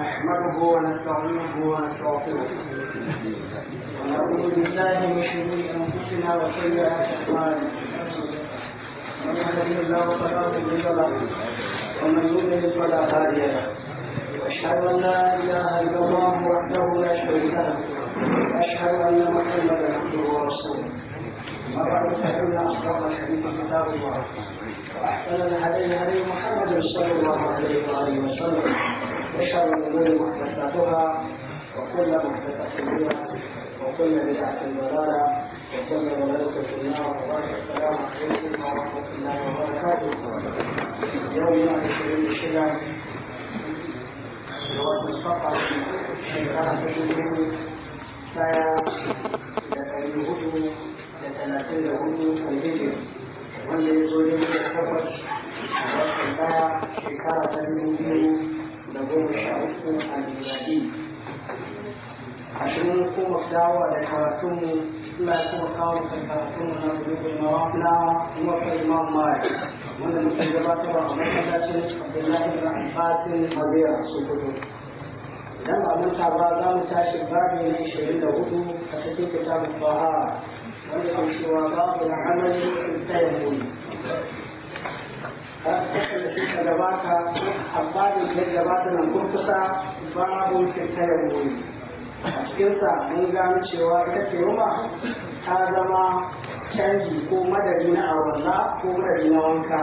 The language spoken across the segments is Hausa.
نحمده ونستعينه ونستغفره ونعوذ بالله من شرور انفسنا وسيئات اعمالنا من يهده الله فلا مضل له ومن يضلل فلا هادي له واشهد ان لا اله الا الله وحده لا شريك له واشهد ان محمدا عبده ورسوله وبعد فان اصدق الحديث كتاب الله واحسن الهدي هدي محمد صلى الله عليه واله وسلم وشر الأمور محدثاتها وكل محدثة بدعة وكل بدعة ضلالة وكل ضلالة في النار السلام عليكم ورحمة الله وبركاته يومنا عشرين شهر لوقت السفر شهر في فيا لتعين فيا لتلاتين هدو الفيديو wanda ya zo ne da takwas a wasan baya shekara da goma sha uku a miladi ashirin kuma dawa da karatunmu Allah ya kuma kawo da karatunmu na bulugul mawafla kuma fa imam mali wanda muke gabatarwa a masallacin Abdullahi bin Abbasin Mabera Sokoto idan ba manta ba za mu tashi babu na shirin da hudu a cikin kitabun Baha wanda ke cewa babu na amalin tsayin da suka amma da ya gabata nan kun kusa babu tattara wuri a cikinsa mun gano cewa ita taimama ta zama canji ko madadi na awalla ko madadi na wanka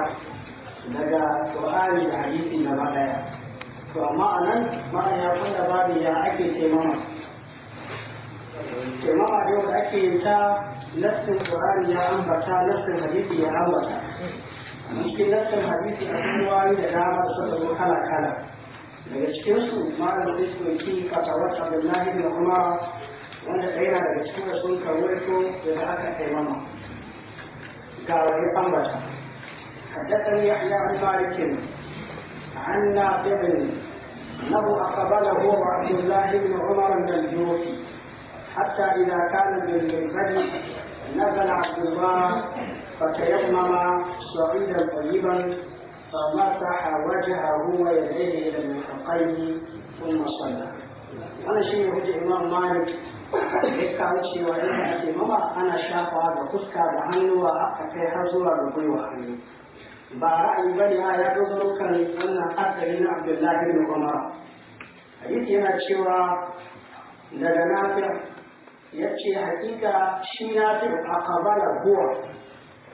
daga ƙwa'ari da hadisi na maɗaya to amma a nan ma'an ya kunda babu ya ake taimama taimama da ake yi ta nassin ƙwa'ari ya ambata nassin hadisi ya ambata mungkin nassan hadisi a cikin wani da dama da suka zo kala kala daga cikinsu malam zai su ɗauki fatawar abdullahi bin umar wanda ɗaya na daga cikin sun karwaito da aka taimama ga wani ambata حدثني يحيى عن مالك عن نافع انه اقبله عبد الله بن عمر الجوفي حتى اذا كان بالمنزل نزل عبد الله فتيمم da صعيدا طيبا فمسح وجهه ويديه الى المرفقين ثم صلى wannan shi ne hujjar imam malik ya kawo cewa yadda ake mama ana shafawa ga fuska da hannuwa a kai har zuwa da gwiwa hannu ba ra'ayi ba ne ya dogaro kan wannan asali na abdullahi bin umar hadisi yana cewa daga nafi ya ce hakika shi nafi a kabala huwa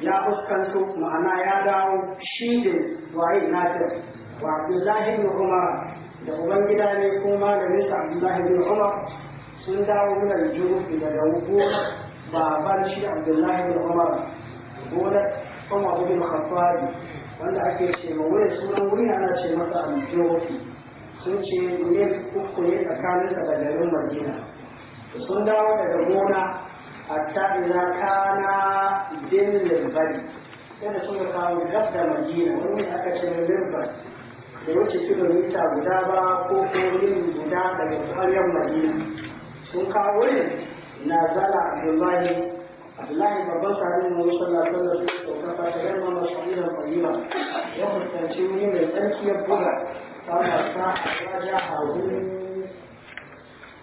ya fuskanto ma'ana ya dawo shi da waye nasir wa abdullahi bin umar da ubangida ne ko malamin sa abdullahi bin umar sun dawo min da daga ba baban shi abdullahi bin umar gona umar ibn khattab wanda ake ce ma wurin sunan wurin ana ce masa aljuhu sun ce ne uku ne tsakaninsa da garin madina sun dawo daga gona hatta ina kana dillin bari sai da suka kawo gab da madina wani aka ce bari da wuce mita guda ba ko korin guda daga tsariyar madina sun kawo ne na zala abdullahi abdullahi babban sahabin mu sallallahu alaihi su sai ta yarma masahiran qadiba ya fuskanci wuri mai tsarki ya buga ta sa ya ja hawo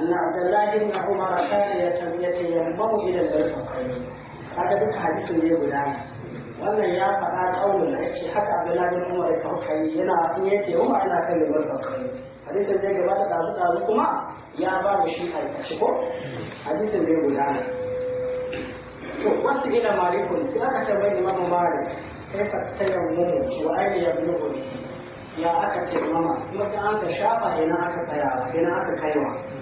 أن عبد الله بن عمر كان يتيمم إلى المرفقين هذا بك حديث لي غلام wannan ya faɗa ƙaunin da yake haka Abdullahi bin Umar ya kai yana in yake ana yana kan da marfakai hadisin da gaba kuma ya ba mu shi aikace ko hadisin da guda ne to wasu ila malikun sai aka tambayi Imam Malik kai fa tayammumu wa ayya yablughu ya aka tayammama kuma sai an shafa ina aka tsaya ina aka kaiwa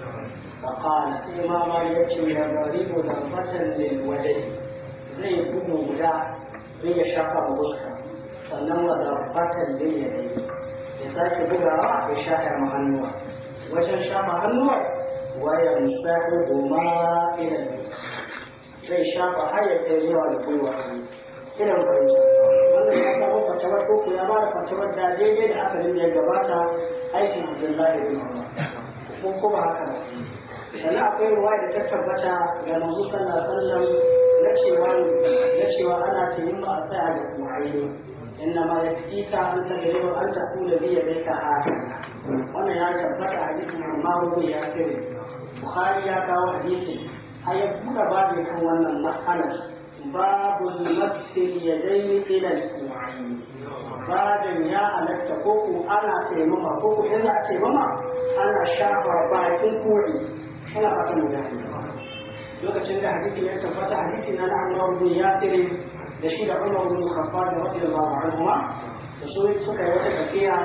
فقال سيما ما يبكي يضرب ضربة للوجه زي كل مدع زي شاقة وبشكة sannan wa zarbatan da ya yi ya sake bugawa ya shafa ma hannuwa wajen shafa hannuwar waya musafi goma ilan zai shafa har ya kai zuwa da gwiwa irin fahimta wannan ya samu fatawar koko ya ba da fatawar da daidai da asalin da ya gabata aikin abdullahi bin umar ko kuma haka sannan akwai ruwa da ta tabbata ga manzo sannan alaihi na cewa na cewa ana tayyamma a tsaya da kuwaye inna ma yakfika an tadribu an taqula bi yadayka hakana wannan ya tabbata a amma Imam ya kai Bukhari ya kawo hadisin a ya buɗe babu kan wannan mas'alar babu masfil yadaini ila al-kuwaye badan ya halatta ko ana taimama ko ko yanzu taimama ana shafa bakin koɗi ina fatan mu gane lokacin da hadisi ya tabbata hadisi na na Umar bin Yasir da shi da Umar bin Khattab radiyallahu anhu da su suka yi wata tafiya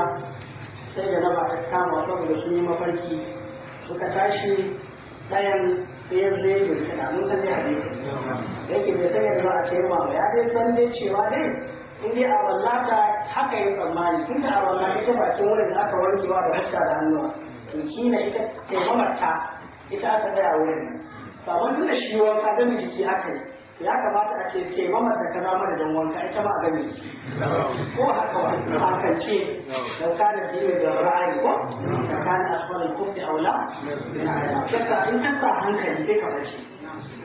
sai da raba ta kama saboda sun yi mafarki suka tashi ɗayan sai zai yi rikida mun san dai hadisi yake bai san yadda a cewa ba ya dai san dai cewa dai in dai a wallata haka yi tsammani tun da a wallata ita bakin wurin da aka wa da hasta da hannuwa to kila ita taimamarta ita aka tsaya wurin nan sabon tunda shi wanka gami jiki aka yi ya kamata a ce ke mamar da kana mana don wanka ita ma a gami ko haka wa ce, don ka ji mai da ra'ayi ko da kana asfalin kofi aula shakka in ka sa hankali kai ka bace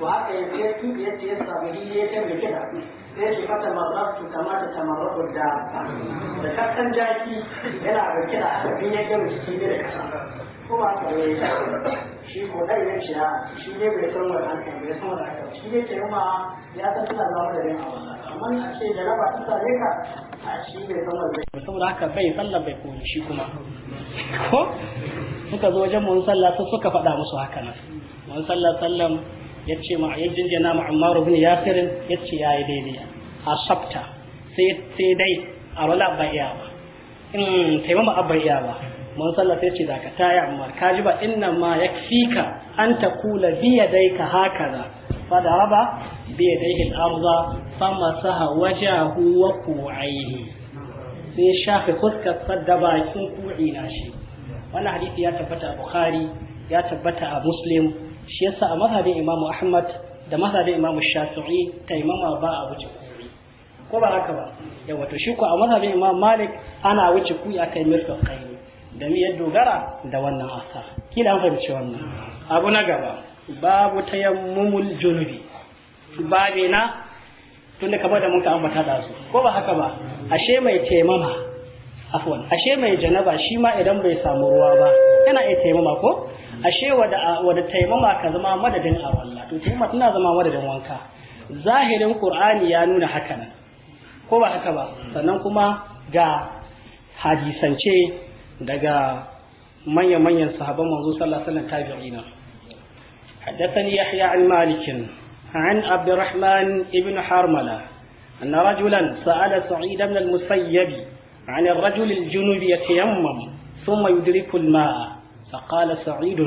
to haka ya ce tuɗi ya ce ya samu hili ya ce mai kiɗa sai ce fata marrabtu kama ta tamarrabu da da kasan jaki yana da kiɗa haka bin ya jiki ne da kasa Kuma ba ya ce shi ne bai bai shi ne ya san da a ka shi bai haka bai sallah bai koyi shi kuma ko suka zo wajen mun sallah su suka faɗa musu haka nan mun sallah sallam ya ce ma yajin jana ma ammaru bin yasirin ya ce ya yi daidai a sabta sai dai a rola ba ba in taimama abba ba mun sallah sai ce dakata ya Umar ka ji ba inna ma yakfika an taqula bi yadayka hakaza fadaraba bi yadayhi al-ardha famasaha wajahu wa ku'aihi sai shafe fuskar sadda bakin ku'i na shi wannan hadisi ya tabbata a Bukhari ya tabbata a Muslim shi yasa a mazhabin Imam Ahmad da mazhabin Imam Shafi'i taimama ba a wuce ku'i ko ba haka ba yawa to shi ko a mazhabin Imam Malik ana wuce ku'i akai mirfaqaini da mi dogara da wannan asa kila an fahimci wannan abu na gaba babu yammumul junubi babe na tunda kamar da muka ambata da su ko ba haka ba ashe mai taimama afwan ashe mai janaba shi ma idan bai samu ruwa ba yana iya taimama ko ashe wada wada taimama ka zama madadin a walla to taimama tana zama madadin wanka zahirin qur'ani ya nuna haka nan ko ba haka ba sannan kuma ga hadisance daga manya-manyan sahabban manzo sallallahu alaihi wasallam tabi'ina حدثني يحيى عن مالك عن عبد الرحمن بن حرملة أن رجلا سأل سعيد بن المسيب عن الرجل الجنوب يتيمم ثم يدرك الماء فقال سعيد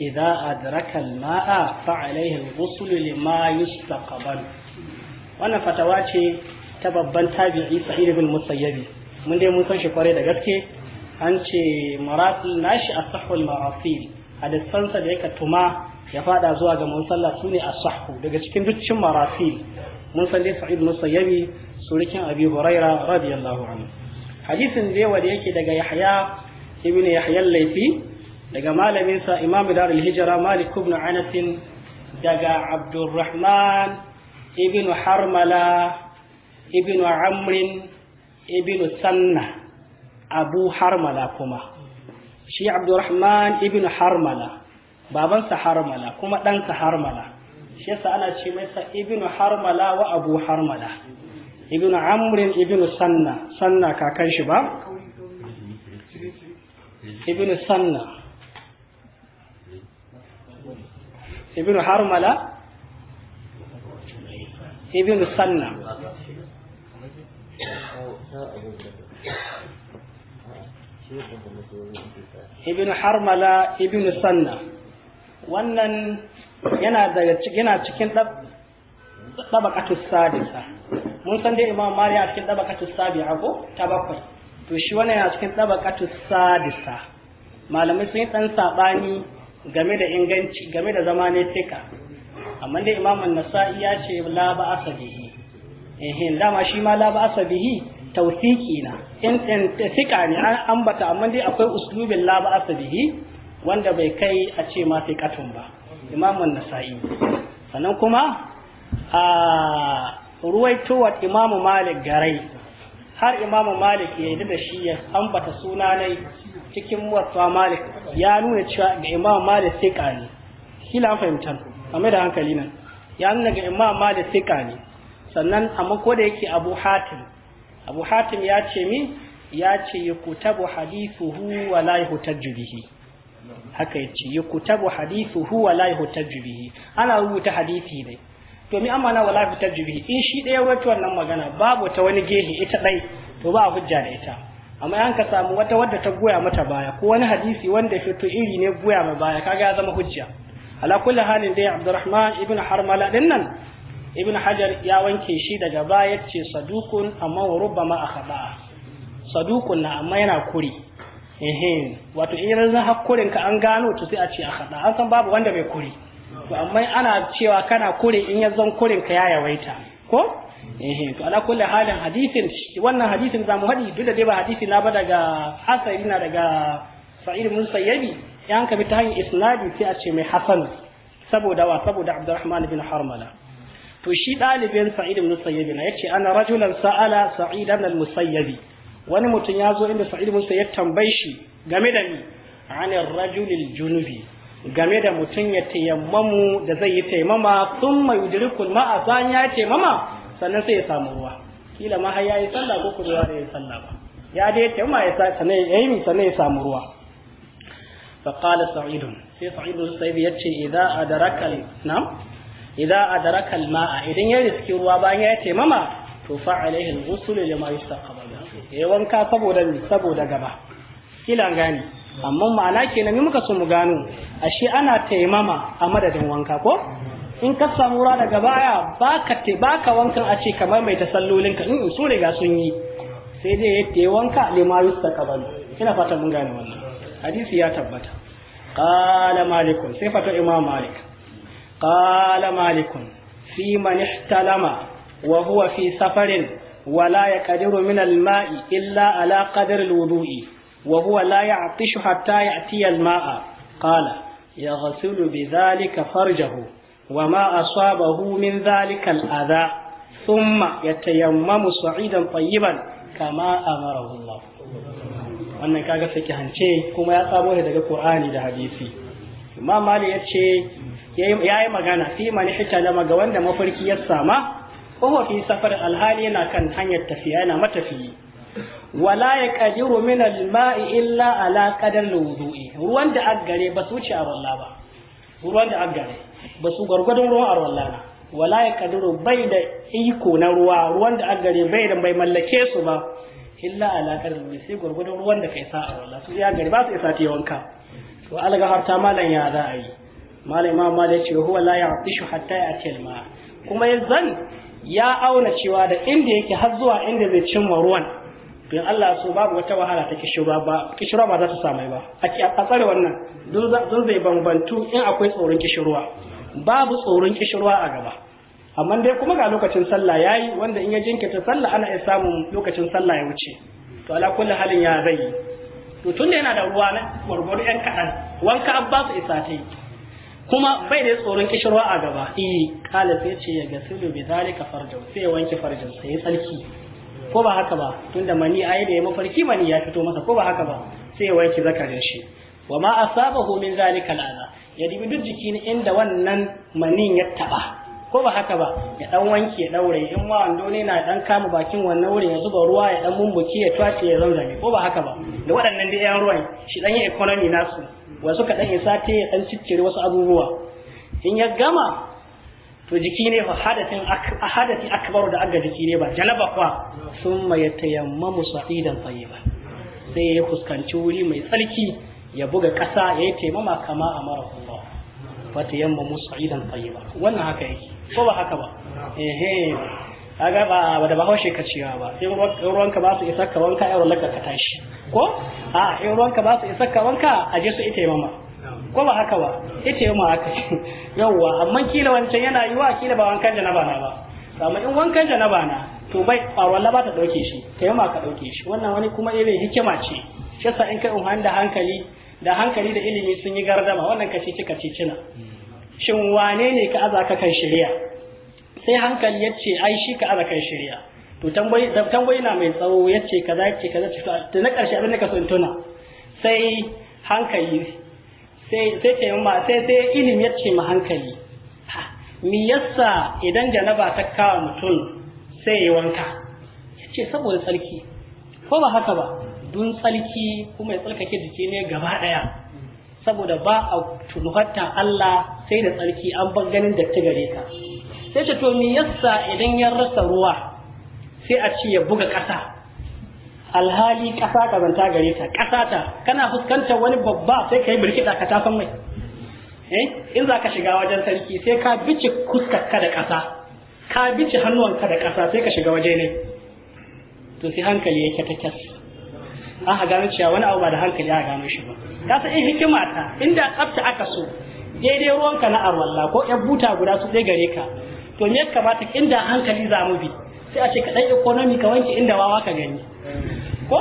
إذا أدرك الماء فعليه الغسل لما يستقبل وأنا فتواتي تببن تابعي سعيد بن المسيب mun dai mun san shi kwarai da gaske an ce maratil nashi as-sahwul marasil hadisansa da yake tuma ya fada zuwa ga mun su sune as-sahhu daga cikin dukkan marasil mun san dai sa'id musayyabi surikin abi huraira radiyallahu anhu hadisin dai wanda yake daga yahya ibn yahya laifi daga malamin sa imam darul hijra malik ibn anas daga abdurrahman ibn harmala ibn amr ibn sanna abu harmala kuma shi abdurrahman ibn harmala babansa harmala kuma ɗansa harmala shi yasa ana ce masa ibn harmala wa abu harmala ibn amrin ibn sanna sanna kakan shi ba ibn sanna ibn harmala ibn sanna ibn harmala ibn sanna wannan yana daga yana cikin dabaqatu sadisa mun san dai imam mari a cikin dabaqatu sabi'a ko ta bakwai to shi wannan yana cikin dabaqatu sadisa malamai sun yi dan sabani game da inganci game da zamanin ne tika amma dai imam an-nasa'i ya ce la ba asabihi eh dama shi ma la ba asabihi tausiki na in in sika ne an ambata amma dai akwai uslubin la ba'sa bihi wanda bai kai a ce ma sai katun ba imam an nasa'i sannan kuma a ruwaito wa imam malik garai har imam malik ya yi da shi ya ambata suna ne cikin muwatta malik ya nuna cewa ga imam malik sika ne kila an fahimta amma da hankali nan ya nuna ga imam malik sika ne sannan amma ko da yake abu hatim abu hatim ya ce min ya ce yukutabu hadithuhu wa la yuhtajju bihi haka yace yukutabu hadithuhu wa layi yuhtajju ana rubuta hadisi ne to mi na wa layi yuhtajju in shi ɗaya wacce wannan magana babu ta wani gehe ita ɗai to ba hujja da ita amma an ka samu wata wadda ta goya mata baya ko wani hadisi wanda fito iri ne goya ma baya kaga ya zama hujja ala kulli halin dai Abdurrahman ibn Harmala din nan ibn hajar ya wanke shi daga baya ce sadukun amma wa rubbama akhaba sadukun na amma yana kuri wato in yanzu hakurin ka an gano to sai a ce haɗa, an san babu wanda bai kuri to amma ana cewa kana kuri in yanzu kurin ka ya yawaita ko to ala kulli halin hadisin wannan hadisin zamu haɗi, duk da dai ba hadisi na ba daga hasari na daga sa'id bin sayyabi yan ka bi ta hanyar isnadi sai a ce mai hasan saboda wa saboda abdurrahman bin harmala to shi ɗalibin sa'id ibn musayyib na yace ana rajulan sa'ala sa'id ibn al-musayyib wani mutum ya zo inda sa'id ibn musayyib tambaye shi game da ni an ar-rajul junubi game da mutum ya tayammamu da zai yi taimama tayammama thumma yudrikul ma'a san ya taimama? sannan sai ya samu ruwa kila ma har yi sallah ko kuma ya yi sallah ba ya dai tayammama ya sanai sannan ya samu ruwa فقال سعيد في سعيد السيد يتشي إذا أدرك نعم idza adraka alma'a idan ya riski ruwa bayan ya taimama to fa alaihi al-ghusl lima yastaqbal E, wanka saboda saboda gaba kila gani amma ma'ana kenan muka so mu gano ashe ana taimama a madadin wanka ko in ka samu ruwa daga baya baka te baka wankan a ce kamar mai tasallolin ka in su riga sun yi sai dai yayi wanka lima yastaqbal Kina fata mun gane wannan hadisi ya tabbata qala malikun sai fata imam malik قال مالك في من احتلم وهو في سفر ولا يقدر من الماء إلا على قدر الوضوء وهو لا يعطش حتى يأتي الماء قال يغسل بذلك فرجه وما أصابه من ذلك الأذى ثم يتيمم صعيدا طيبا كما أمره الله wannan kaga fikihance kuma ya samo ne daga Qur'ani da hadisi Imam Malik ya ce ya yi magana fi mani lama ga wanda mafarki ya sama ko fi safar alhali yana kan hanyar tafiya yana matafiyi wala ya kadiru min alma'i illa ala qadar alwudu'i ruwan da aggare ba su ci arwalla ba ruwan da aggare ba su gargadon ruwan arwalla na wala ya kadiru bai da iko na ruwa ruwan da aggare bai da bai mallake su ba illa ala qadar alwudu'i sai gargadon ruwan da kai sa arwalla su ya gari ba su isa ta wanka to alga har ta malan ya za a yi malai ma ya ce huwa la fishu hatta ce ma kuma yanzan ya auna cewa da inda yake har zuwa inda zai cimma ruwan to in Allah so babu wata wahala ta kishura ba ba za ta samai ba a tsare wannan dun zai bambantu in akwai tsoron kishirwa babu tsoron kishirwa a gaba amma dai kuma ga lokacin sallah yayi wanda in ya jinkirta sallah ana iya samun lokacin sallah ya wuce to ala kulli halin ya zai to tunda yana da ruwa na gwargwaro yan kaɗan wanka an su isa ta yi kuma bai da tsoron kishirwa a gaba eh kala sai ce ya gasilu bi zalika farjan sai wanke farjan sai tsarki ko ba haka ba tunda mani ayi da ya mafarki mani ya fito masa ko ba haka ba sai ya wanke zakarin shi wa ma asabahu min zalika alaza ya dibi duk jiki inda wannan manin ya taba ko ba haka ba ya dan wanke ya daure in ma wando ne na dan kama bakin wannan wurin ya zuba ruwa ya dan mumbuki ya tace ya zanzame ko ba haka ba da waɗannan da yan ruwan shi dan yi economy nasu wasu kaɗan ya ta ya ɗan ciccire wasu abubuwa in ya gama to jiki ne fa hadati akbaru da aga jiki ne ba janaba kwa sun mai tayammamu sa'idan ba. sai ya fuskanci wuri mai tsarki ya buga ƙasa ya yi taimama kama a mara kuma wata yamma musu idan ba. wannan haka yake ko ba haka ba ehe kaga ba da ba haushe ka cewa ba sai ruwanka ba su isa ka wanka yaro laka ka tashi ko a in ruwanka ba su isa ka wanka a je su ita mama ko ba haka ba ita mama haka yauwa amma kila wancan yana yi wa kila ba wankan janaba na ba amma in wankan janaba na to bai walla ba ta dauke shi ta ma ka dauke shi wannan wani kuma irin hikima ce shi yasa in kai umhan da hankali da hankali da ilimi sun yi gardama wannan kace kika cicina shin wane ne ka aza ka kan shari'a sai hankali ya ce ai shi ka aza kai shirya to tambayi tambayi na mai tsawo ya ce kaza ya ce kaza ce to na karshe abin da ka so in tuna sai hankali sai sai ce ma sai sai ilim ya ce ma hankali mi yasa idan janaba ta kawo mutum sai ya wanka ya ce saboda tsarki ko ba haka ba dun tsarki kuma ya tsarkake jiki ne gaba daya saboda ba a tunuhatta Allah sai da tsarki an bar ganin datti gare ka sai ce to me yasa idan ya rasa ruwa sai a ce ya buga ƙasa alhali ƙasa kazanta gare ta ƙasa ta kana fuskantar wani babba sai ka yi birkiɗa ka tafan mai eh in za ka shiga wajen sarki sai ka bice ka da ƙasa ka bice hannuwanka da ƙasa sai ka shiga waje ne to sai hankali yake ta kyas ha gano cewa wani abu ba da hankali a gano shi ba ka san in hikima ta inda tsafta aka so daidai ruwanka na arwalla ko yan buta guda su ɗaya gare ka to me kamata inda hankali za mu bi sai a ce ka dan economy ka wanke inda wawa ka gani ko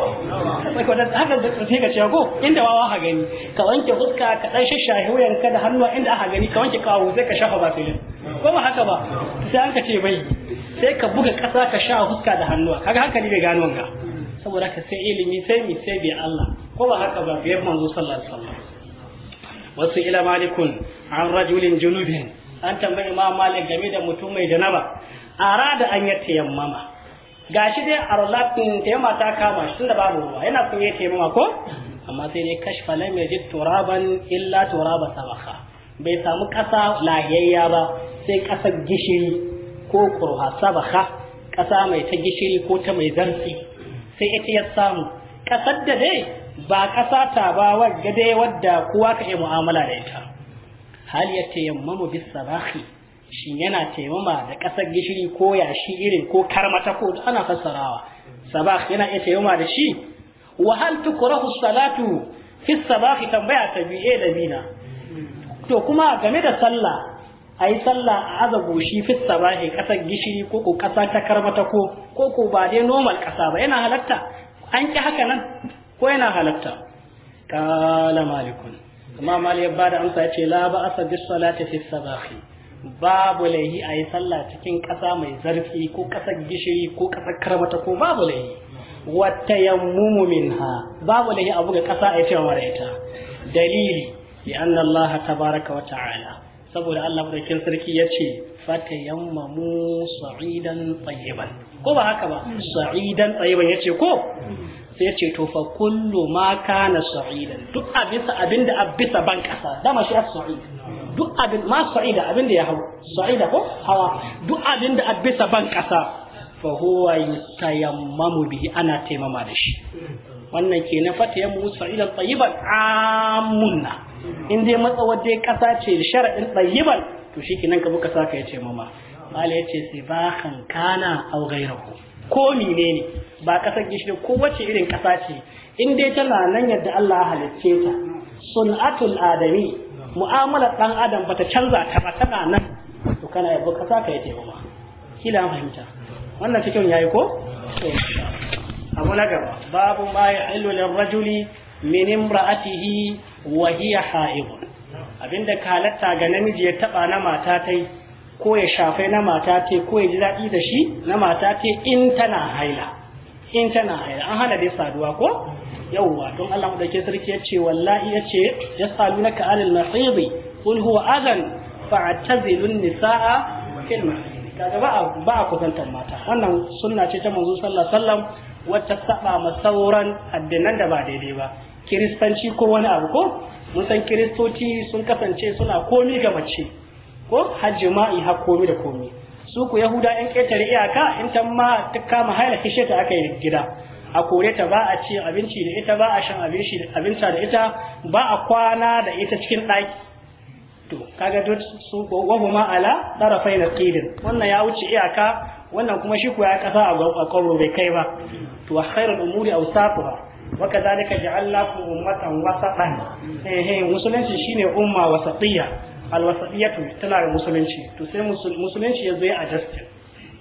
ko da haka da sai ka ce ko inda wawa ka gani ka wanke fuska ka dan shashahi wayan ka da hannuwa inda aka gani ka wanke kawo sai ka shafa basilin ko ba haka ba sai an ka ce bai sai ka buga kasa ka sha fuska da hannuwa kaga hankali bai gano wanka saboda ka sai ilimi sai mi sai bi Allah ko ba haka ba bai manzo sallallahu alaihi wasallam wasu ila malikun an rajulin junubin an tambayi imam malik game da mutum mai janaba arada an yi tayammama gashi dai arlatin tayammama ta kama shi tunda babu ruwa yana kun yi tayammama ko amma sai dai kashfa lam yajid turaban illa turaba sabakha bai samu kasa lahiyayya ba sai kasa gishiri ko kurha sabakha kasa mai ta gishiri ko ta mai zarfi sai ita ya samu kasar da dai ba kasa ta ba wadda wadda kowa ka yi mu'amala da ita hal ya taimamu bis sabahi shin yana taimama da kasar gishiri ko yashi irin ko karmata ko ana fassarawa sabah yana iya taimama da shi wa hal tukrahu salatu fi sabahi tambaya ta biye eh, da bina to kuma game da sallah ayi sallah a aza goshi fi sabahi kasar gishiri ko ko kasa ta karmata ko ko ko ba dai normal kasa ba yana halatta an ki haka nan ko yana halatta qala malikun imam mali ya bada amsa yace la ba asa bis salati fi sabahi babu laihi a yi sallah cikin ƙasa mai zarfi ko ƙasar gishiri ko ƙasar karbata ko babu laihi wata yammumu minha babu lahi a buga ƙasa a yi cewa mara dalili bi anna Allah Baraka wa ta'ala saboda Allah madaukin sarki ya ce fata yammamu sa'idan tayyiban ko ba haka ba sa'idan tayyiban ya ce ko sai ya ce to fa kullu ma kana sa'idan duk abisa abinda abisa ban kasa dama shi as-sa'id duk abin ma sa'ida abinda ya hawa sa'ida ko hawa duk abinda abisa ban kasa fa huwa yutayammamu bihi ana taimama da shi wannan ke na fata yammu sa'idan tayyiban amunna in dai matsawar dai kasa ce sharadin tayyiban to shikenan ka buka saka ya ce mama mala yace sibahan kana aw ghayrahu ko menene ba kasar gishiri ko wace irin kasa ce in dai tana nan yadda Allah ya halicce ta sun'atul adami mu'amalar ɗan adam bata canza ta ba tana nan to kana yabo kasa ka yace ba kila fahimta wannan cikin yayi ko abu na gaba babu ma ya'illu rajuli min imra'atihi wa hiya abinda ka ga namiji ya taba na mata tai ko ya shafai na mata ce ko ya ji daɗi da shi na mata in tana haila in tana haila an hana dai saduwa ko yawwa don Allah madauke sarki ya ce wallahi ya ce yas'alunaka anil mahidi qul huwa adan fa'tazilun nisaa fil mahidi ba ba a kusantar mata wannan sunna ce ta manzo sallallahu alaihi wasallam wacce saba ma sauran addinan da ba daidai ba kiristanci ko wani abu ko mun san kiristoci sun kasance suna komi ga mace ko hajji ma'i har komi da komi su ku yahuda yan ƙetare iyaka in ta ma ta kama haila kishe ta aka yi gida a kore ta ba a ci abinci da ita ba a shan abinci da ita ba a kwana da ita cikin ɗaki to kaga duk su ma ala tarafai na qidin wannan ya wuce iyaka wannan kuma shi ku ya kasa a kwaro bai kai ba to wa khairul umuri awsafuha wa kadhalika ja'alnakum ummatan wasatan eh eh musulunci shine umma wasatiyya alwasaɗiyatu tana da musulunci to sai musulunci ya zo a adjustin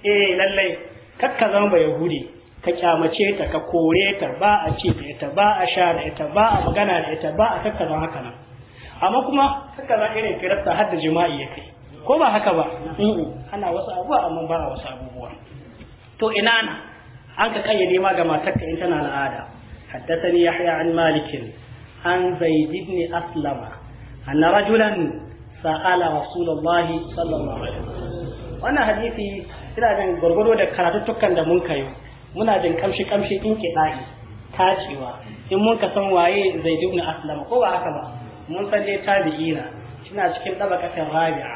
eh lallai kakka zama ba yahudi ka kyamace ta ka kore ta ba a ce da ita ba a sha da ita ba a magana da ita ba a kakka zama haka nan amma kuma kakka zama irin kirasta har da jima'i ya kai ko ba haka ba ana wasu abubuwa amma ba a wasu abubuwa to ina na an ka kayyade ma ga matarka in tana al'ada حدثني يحيى عن مالك عن زيد بن أسلم أن رجلا sa'ala rasulullahi sallallahu alaihi wasallam wannan hadisi ina jin gurgudo da karatuttukan da mun kayo muna jin kamshi kamshi in kiɗa'i tacewa in mun ka san waye zaid ibn aslam ko ba haka ba mun san dai tabi'ina ina cikin tabaqatin rabi'a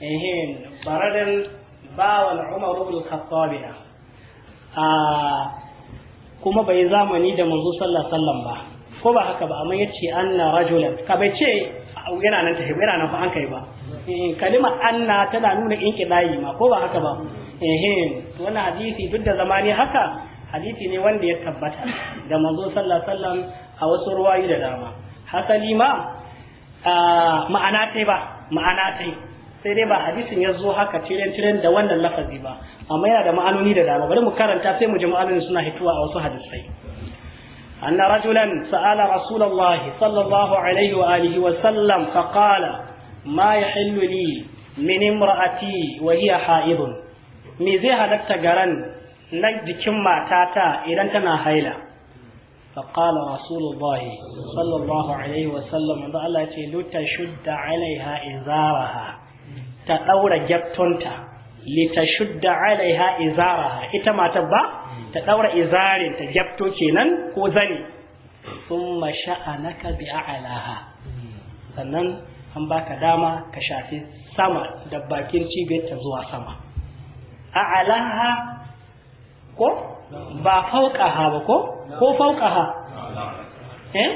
ehin baradan bawan umar ibn khattab a kuma bai zamani da manzo sallallahu alaihi wasallam ba ko ba haka ba amma yace anna rajulan ka bai ce yana nan tahi yana nan fa an kai ba eh, kalimar anna tana nuna in kidayi ma ko ba haka ba eh to wannan hadisi duk da zamani haka hadisi ne wanda ya tabbata da manzo sallallahu alaihi a wasu ruwayi da dama hasali ma ma'ana tai ba ma'ana tai sai dai ba hadisin ya zo haka tiren tiren da wannan lafazi ba amma yana da ma'anoni da dama bari mu karanta sai mu ji ma'anoni suna hituwa a wasu hadisai أن رجلا سأل رسول الله صلى الله عليه وآله وسلم فقال ما يحل لي من امرأتي وهي حائض ميزي هذا تقرن نجد كما تاتا إذا تنا هيلا فقال رسول الله صلى الله عليه وسلم أن الله لتشد عليها إزارها تأور جبتنتا لتشد عليها إزارها إتما تبا ta daura izarin ta gafto kenan ko zani thumma sha'anaka bi a'laha sannan an baka dama ka shafi sama da bakin cibiyar ta zuwa sama a'laha ko ba fauqaha ba ko ko fauqaha eh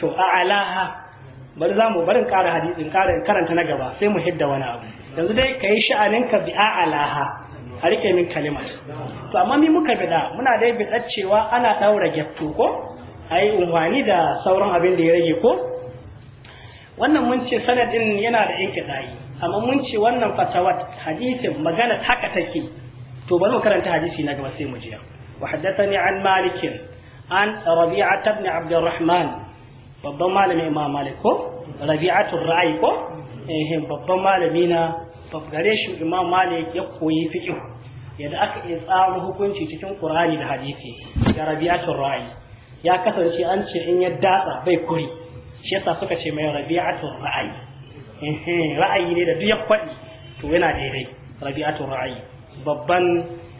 to a'laha bari za mu barin ƙara hadisin karanta na gaba sai mu hidda wani abu yanzu dai ka yi sha'aninka bi a'alaha a rike min kalimar to amma mi muka bida muna dai bidar cewa ana daura gyatto ko ai unwani da sauran abin da ya rage ko wannan mun ce sanadin yana da inkidai amma mun ce wannan fatawat hadisin magana haka take to bari mu karanta hadisi na gaba sai mu jiya wa haddathani an malik an rabi'at ibn abd arrahman babban malami imam malik ko rabi'atul ra'i ko babban malami na to gare shi imam malik ya koyi fiqh yadda aka iya tsaro hukunci cikin qur'ani da hadisi da rabi'atul ra'i ya kasance an ce in ya datsa bai kuri shi yasa suka ce mai rabi'atul ra'i ra'ayi ne da duk ya kwaɗi to yana daidai rabi'atul ra'i babban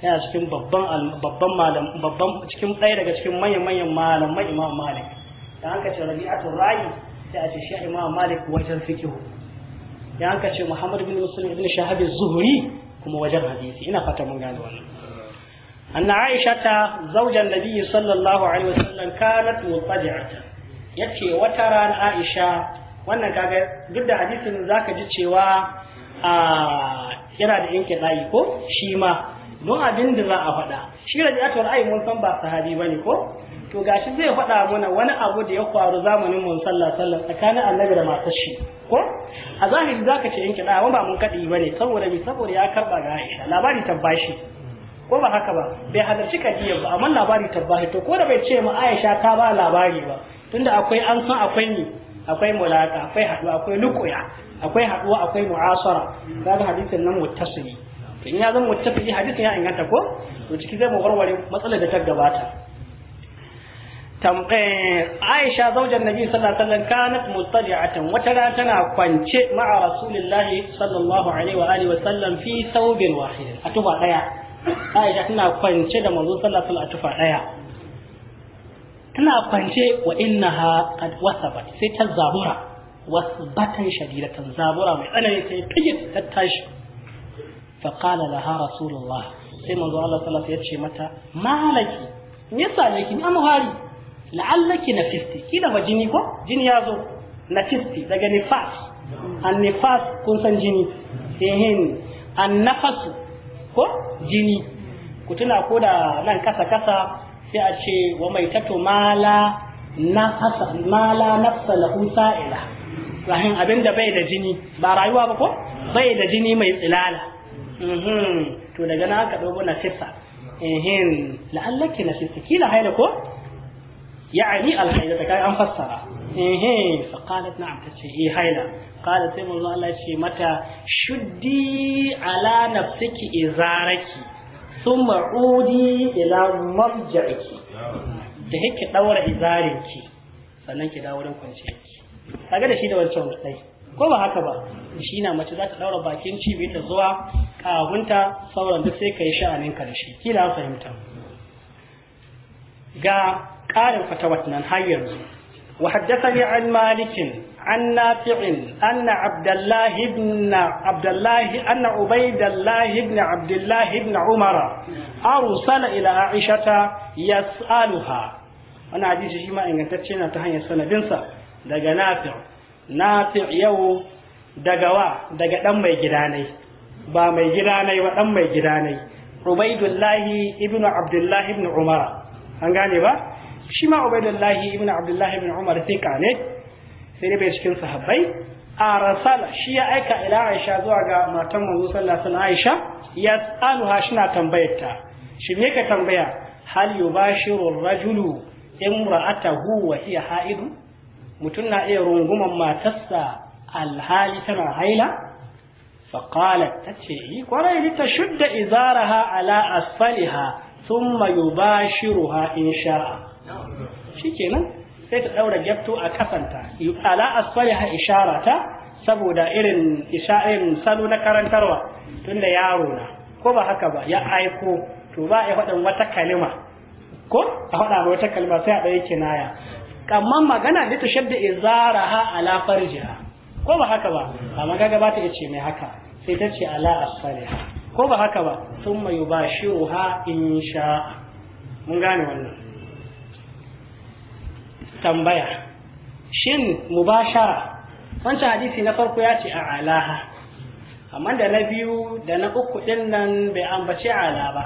yana cikin babban babban malam babban cikin ɗaya daga cikin manyan manyan malamai imam malik da an ka ce rabi'atul ra'i sai a ce shi imam malik wajen fiqh ya aka ce Muhammad bin Muslim ibn Shahab zuhuri kuma wajen hadisi ina fata mun gane wannan anna Aisha ta zaujan Nabi sallallahu alaihi wasallam kanat mutadi'atan yace wata ran Aisha wannan kaga duk da hadisin zaka ji cewa a yana da yanke layi ko shi ma don abin da za a faɗa shi rabi'atul ai mun san ba sahabi bane ko to gashi zai faɗa mana wani abu da ya faru zamanin mun sallah sallah tsakanin annabi da matar shi ko a zahiri zaka ce yanke dawa ba mun kadi bane saboda bi saboda ya karba ga Aisha labari tabbashi ko ba haka ba bai halarci kadiya ba amma labari tabbashi to ko da bai ce mu Aisha ta ba labari ba tunda akwai an san akwai ni akwai mulaka akwai haduwa akwai lukuya akwai haduwa akwai mu'asara kaga hadisin nan muttasili to in ya zama muttafi hadisin ya inganta ko to ciki zai mu warware matsalar da ta gabata Eh, Aisha zaujan Nabi sallallahu alaihi wasallam kanat mutaji'atan wata rana tana kwance ma'a Rasulillahi sallallahu alaihi wa alihi wasallam fi thawbin wahid a tufa daya Aisha tana kwance da manzo sallallahu alaihi wasallam a tufa daya tana kwance wa innaha qad wasabat sai ta zabura wasbatan shadidatan zabura mai tsanani sai tijin ta tashi fa qala laha Rasulullah sai manzo Allah sallallahu alaihi wasallam ya ce mata malaki me yasa ne kin amhari la'allaki nafisti kina ba jini ko jini ya zo nafisti daga nifas an nifas kun san jini ehin an nafasu ko jini ku tuna ko da nan kasa kasa sai a ce wa mai tato mala nafasa mala nafsa lahu ila rahin abin da bai da jini ba rayuwa ba ko bai da jini mai tsilala to daga nan aka dogo fisa. ehin la'allaki fisa kila haila ko يعني الحيلة كان أن فسر إيه فقالت نعم تشي حيلة قالت سيم الله الله شي متى شدي على نفسك إزارك ثم عودي إلى مرجعك تهيك دور إزارك sannan ki dawo don kwanciyarki kaga da shi da wancan mutai ko ba haka ba shi na mace za ta daura bakin cibiyar ta zuwa kawunta sauran duk sai ka yi sha'aninka da shi kila fahimta ga قارن فتوتنا هايرز وحدثني عن مالك عن نافع أن عبد الله بن عبد الله أن عبيد الله بن عبد الله بن عمر أرسل إلى عائشة يسألها أنا عجيز شيما إن تتشينا تهاني السنة دنسا دقا نافع نافع يو دقوا دقا دم جداني با مي جداني ودم جداني عبيد الله ابن عبد الله بن عمر أنغاني با shi ma ubaidullahi ibn abdullahi ibn umar sai kane sai bai cikin sahabbai arsala shi ya aika ila aisha zuwa ga matan manzo sallallahu alaihi aisha ya tsaluha shina tambayar ta shi me ka tambaya hal yubashiru rajulu imra'atahu wa hiya ha'idu mutun na iya runguman matarsa alhali tana haila فقالت تتشي قرأي لتشد إزارها على أسفلها ثم يباشرها إن شاء shikenan sai ta daura gyafto a kasanta ala asfaliha isharata saboda irin isha'in salo na karantarwa tunda yaro na ko ba haka ba ya aiko to ba ya faɗin wata kalima ko a faɗa wata kalima sai a ɗaya kinaya kamar magana da ta shadda ha ala farjiha ko ba haka ba amma kaga ba ta ce mai haka sai ta ce ala asfaliha ko ba haka ba mai shi ha in sha mun gane wannan tambaya shin mubashara wancan hadisi na farko ya ce a alaha amma da na biyu da na uku din nan bai ambace ala ba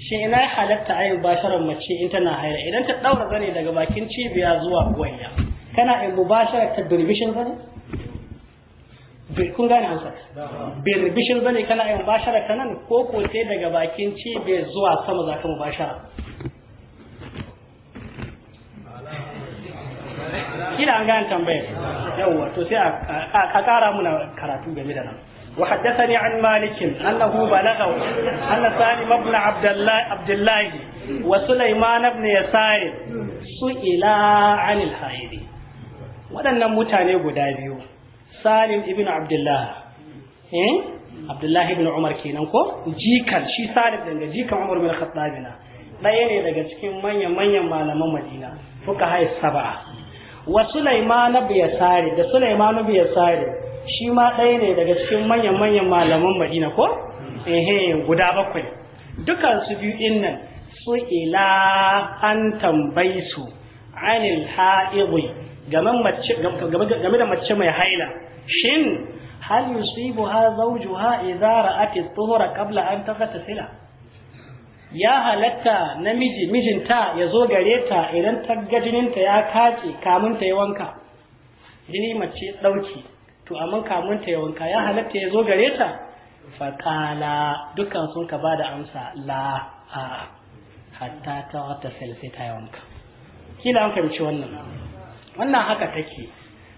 shin ina ya halatta a yi mubasharar mace in tana haira idan ta daura zane daga bakin cibiya zuwa wayya kana yin mubashara ta birbishin zane kun gane hansa birbishin zane kana yin mubashara ta nan ko ko sai daga bakin cibiyar zuwa sama za ka mubashara kila an gane tambayar yawwa to sai a kara muna karatu game da nan وحدثني an مالك annahu balagha anna سالم ibn عبد الله wa الله ibn بن su ila anil haidi wadannan mutane guda biyu salim ibn abdullah eh abdullah ibn umar kenan ko jikan shi salim daga jikan umar bin khattabina daya ne daga cikin manyan manyan malaman madina fuka hayy sab'a wa Sulaiman Yasari da Sulaiman biyasari shi ma ɗaya ne daga cikin manyan manyan malaman Madina ko ehe guda bakwai dukan su biyu din nan su ila an tambayi su anil ha'iwi game da mace mai haila shin hal yusibu ha zawjuha idza ra'at tuhura qabla an taghtasila ya halatta namiji mijinta ya zo gare ta idan tagga jininta ya kace kamun ta jini mace ɗauki to amma kamun ta yawanka. ya halatta ya zo gare ta faƙala dukkan sun ka bada amsa la a hatta ta wata selfie ta yi wanka kila an fahimci wannan wannan haka take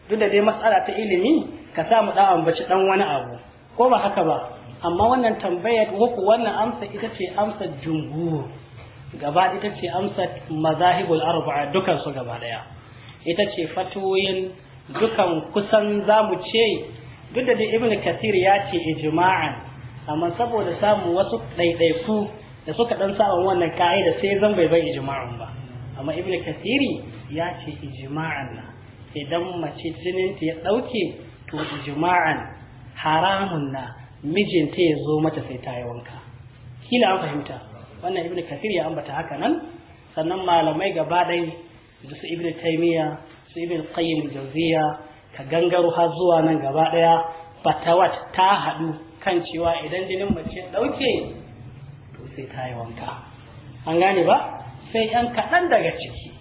duk da dai matsala ta ilimi ka samu ɗan ambaci ɗan wani abu ko ba haka ba amma wannan tambayar muku wannan amsa ita ce amsar jumhur gaba ita ce amsar mazahibul arba'a dukan su gaba daya ita ce fatoyin dukan kusan zamu ce duk da ibn kathir ya ce ijma'an amma saboda samun wasu ɗaiɗaiku da suka dan saba wannan ka'ida sai zan bai bai ijma'an ba amma ibn Kathir ya ce ijma'an na idan mace jinin ta ya dauke to ijma'an haramun na mijinta ya zo mata sai ta yi wanka kila an fahimta wannan ibnu kasir ya ambata haka nan sannan malamai gaba ɗaya da su ibnu taymiya su ibnu qayyim jawziya ka gangaro har zuwa nan gaba ɗaya fatawat ta haɗu kan cewa idan jinin mace ɗauke to sai ta yi wanka an gane ba sai yan kaɗan daga ciki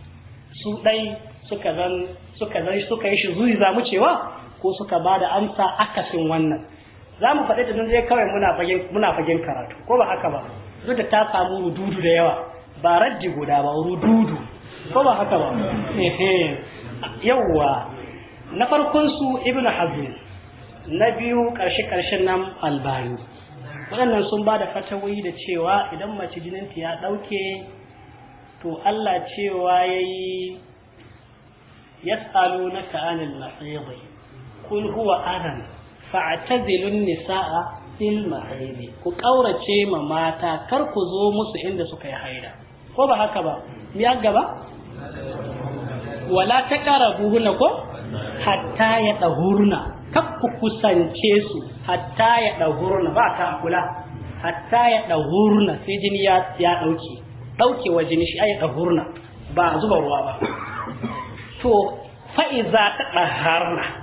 su ɗai suka zan suka zan suka yi shi zuwa mu cewa ko suka ba da amsa akasin wannan za mu faɗi da don zai kawai muna fagen karatu ko ba haka ba duk da ta samu rududu da yawa ba raddi guda ba rududu ko ba haka ba yawwa na farkon su ibnu hazm na biyu karshe karshen nan albani waɗannan sun ba da fatawai da cewa idan mace jininta ya ɗauke to Allah cewa ya yi ya nuna na masu matsayi kun huwa adan fa'tazilun nisaa fil mahidi ku ƙaurace ma mata kar ku zo musu inda suka yi haida ko ba haka ba ya gaba wala ta taqrabuhunna ko hatta ya dahurna kar ku kusance su hatta ya dahurna ba ta kula hatta ya dahurna sai jini ya ya dauke wa jini shi ya dahurna ba zuba ruwa ba to fa'iza ta ɗaharna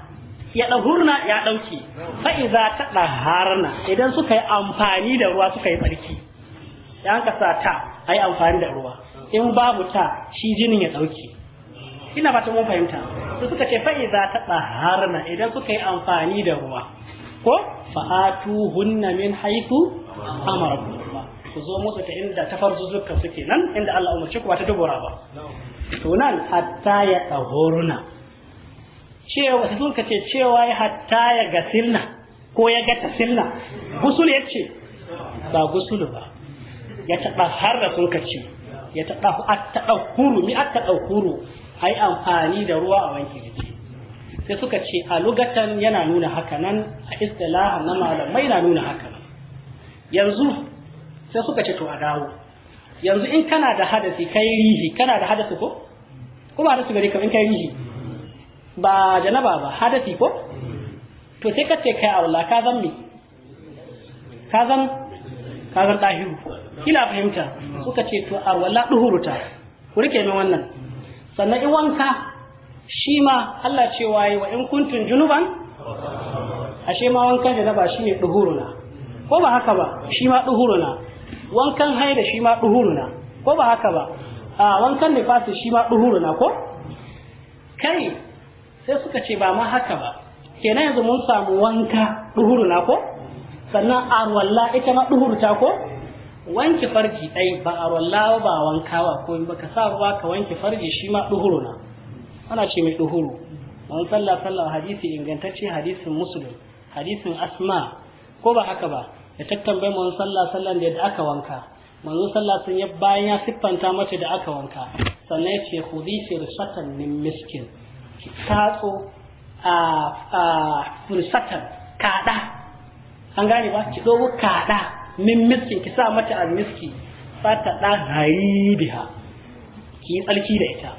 ya ɗahurna ya ɗauke fa'iza ta harna idan suka yi amfani da ruwa suka yi tsarki ya ka sa ta a yi amfani da ruwa in babu ta shi jinin ya ɗauke ina fata mun fahimta su suka ce fa'iza ta harna idan suka yi amfani da ruwa ko fa'atu hunna min haiku amarakum ku zo musu ta inda ta farzu suke nan inda Allah umarci ku ba ta dubura ba to nan hatta ya ɗahurna cewa sun ka ce cewa ya hatta ya ga silna ko ya ga tasilna gusul ya ce ba gusul ba ya taɓa har da sun ka ya taɓa a taɗaukuru mi a taɗaukuru a yi amfani da ruwa a wanke jiki sai suka ce a lugatan yana nuna haka nan a istilahan na malamai na nuna haka nan yanzu sai suka ce to a dawo yanzu in kana da hadasi kai rihi kana da hadasi ko kuma hadasi gari kamar kai rihi ba janaba ba hadasi ko to sai ka ce kai aula ka zan me ka zan ka zan dahiru kila fahimta suka ce to a walla duhuruta ku rike min wannan sannan in wanka shi ma Allah ce waye wa in kuntun junuban ashe ma wankan janaba shine duhuruna ko ba haka ba shi ma duhuruna wankan haida shi ma duhuruna ko ba haka ba a wankan nifasi shi ma duhuruna ko kai sai suka ce ba ma haka ba kenan yanzu mun samu wanka duhuru na ko sannan arwalla ita ma duhuru ta ko wanke farji dai ba arwalla ba wankawa ko in baka sa ruwa ka wanke farji shi ma duhuru na ana ce mai duhuru wani sallah sallah hadisi ingantacce hadisin muslim hadisin asma ko ba haka ba da tattan bai manzon sallah sallah da yadda aka wanka manzon sallah sun ya bayan ya siffanta mace da aka wanka sannan ya ce khudhi sirsatan min miskin tatso a fursatan kaɗa an gane ba ki ɗogo kaɗa min miskin ki sa mata al miski fata da hari biha ki yi tsarki da ita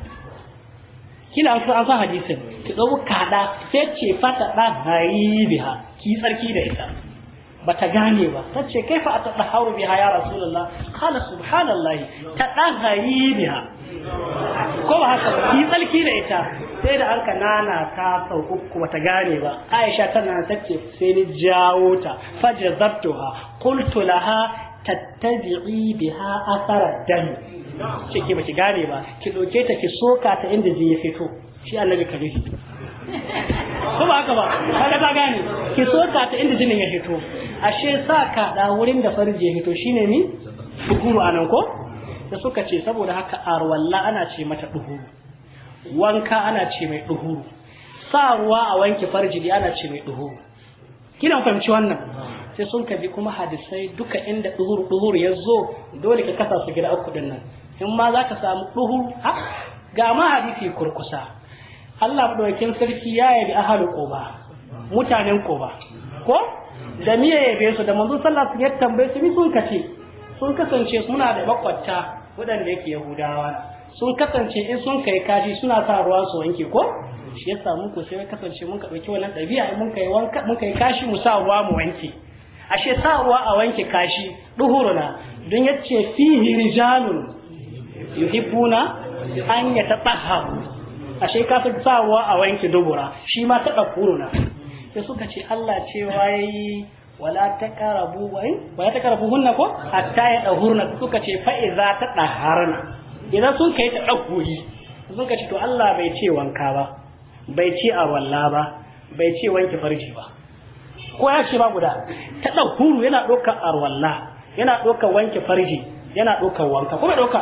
kila an san hadisin ki ɗogo kaɗa sai ce ta da hari biha ki yi tsarki da ita Ba ta gane ba ta ce kai fa ta da hauru biha ya rasulullah subhanallahi ta da hari biha ko ba haka ki yi tsarki da ita sai da harka nana ta sau uku bata gane ba aisha tana tace sai ni jawo ta fajazabtuha qultu laha tattabi'i biha athara dam ce ki gane ba ki doke ta ki soka ta inda zai fito shi annabi kare shi ko ba haka ba kaga ta gane ki soka ta inda jinin ya fito ashe sa kaɗa wurin da farji ya fito shine ni duhuru anan ko da suka ce saboda haka arwalla ana ce mata duhuru wanka ana ce mai duhuru sa ruwa a wanke farjili ana ce mai duhuru kina fahimci wannan sai sun kabi kuma hadisai duka inda duhuru duhuru ya zo dole ka kasa su gida uku din nan in ma za ka samu duhuru ha ga ma hadisi kurkusa Allah ɗaukin sarki ya yabi ahalu koba mutanen koba ko da miye yabe su da manzo sallallahu alaihi wasallam ya tambaye su mi sun kace sun kasance suna da makwatta waɗanda yake yahudawa sun kasance in sun kai kashi suna sa ruwa su wanke ko shi ya samu ko sai kasance mun ka dauki wannan dabi'a mun kai wanka mun kai kashi mu sa ruwa mu wanke ashe sa ruwa a wanke kashi duhuruna don yace fihi rijalun yuhibbuna an yatatahharu ashe ka fi sa ruwa a wanke dubura shi ma ta dakuruna sai suka ce Allah cewa yayi wala taqrabu wa wala taqrabu hunna ko hatta dahurna suka ce fa iza tadaharna idan sun kai ta ɗagguri sun ka ce to Allah bai ce wanka ba bai ce a walla ba bai ce wanke farji ba ko ya ce ba guda ta ɗagguru yana ɗaukar arwalla yana ɗaukar wanke farji yana ɗaukar wanka kuma ɗauka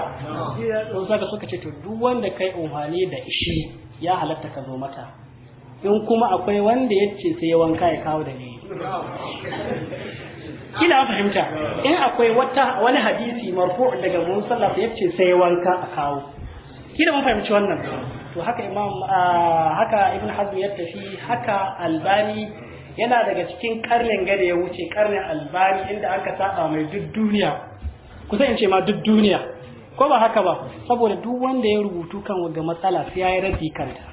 ka suka ce to duk wanda kai umhani da shi ya halatta ka zo mata in kuma akwai wanda ya ce sai wanka ya kawo da ni. kila fahimta in akwai wata wani hadisi marfu daga mun sallah ya sai wanka a kawo kila mun fahimci wannan to haka imam ah, haka ibn hazm ya tafi haka albani yana daga cikin karnin gada ya wuce karnin albani inda aka saba mai duk duniya kusa in ce ma duk duniya ko ba haka ba saboda duk wanda ya rubutu kan wanda matsala sai ya yi rabi kanta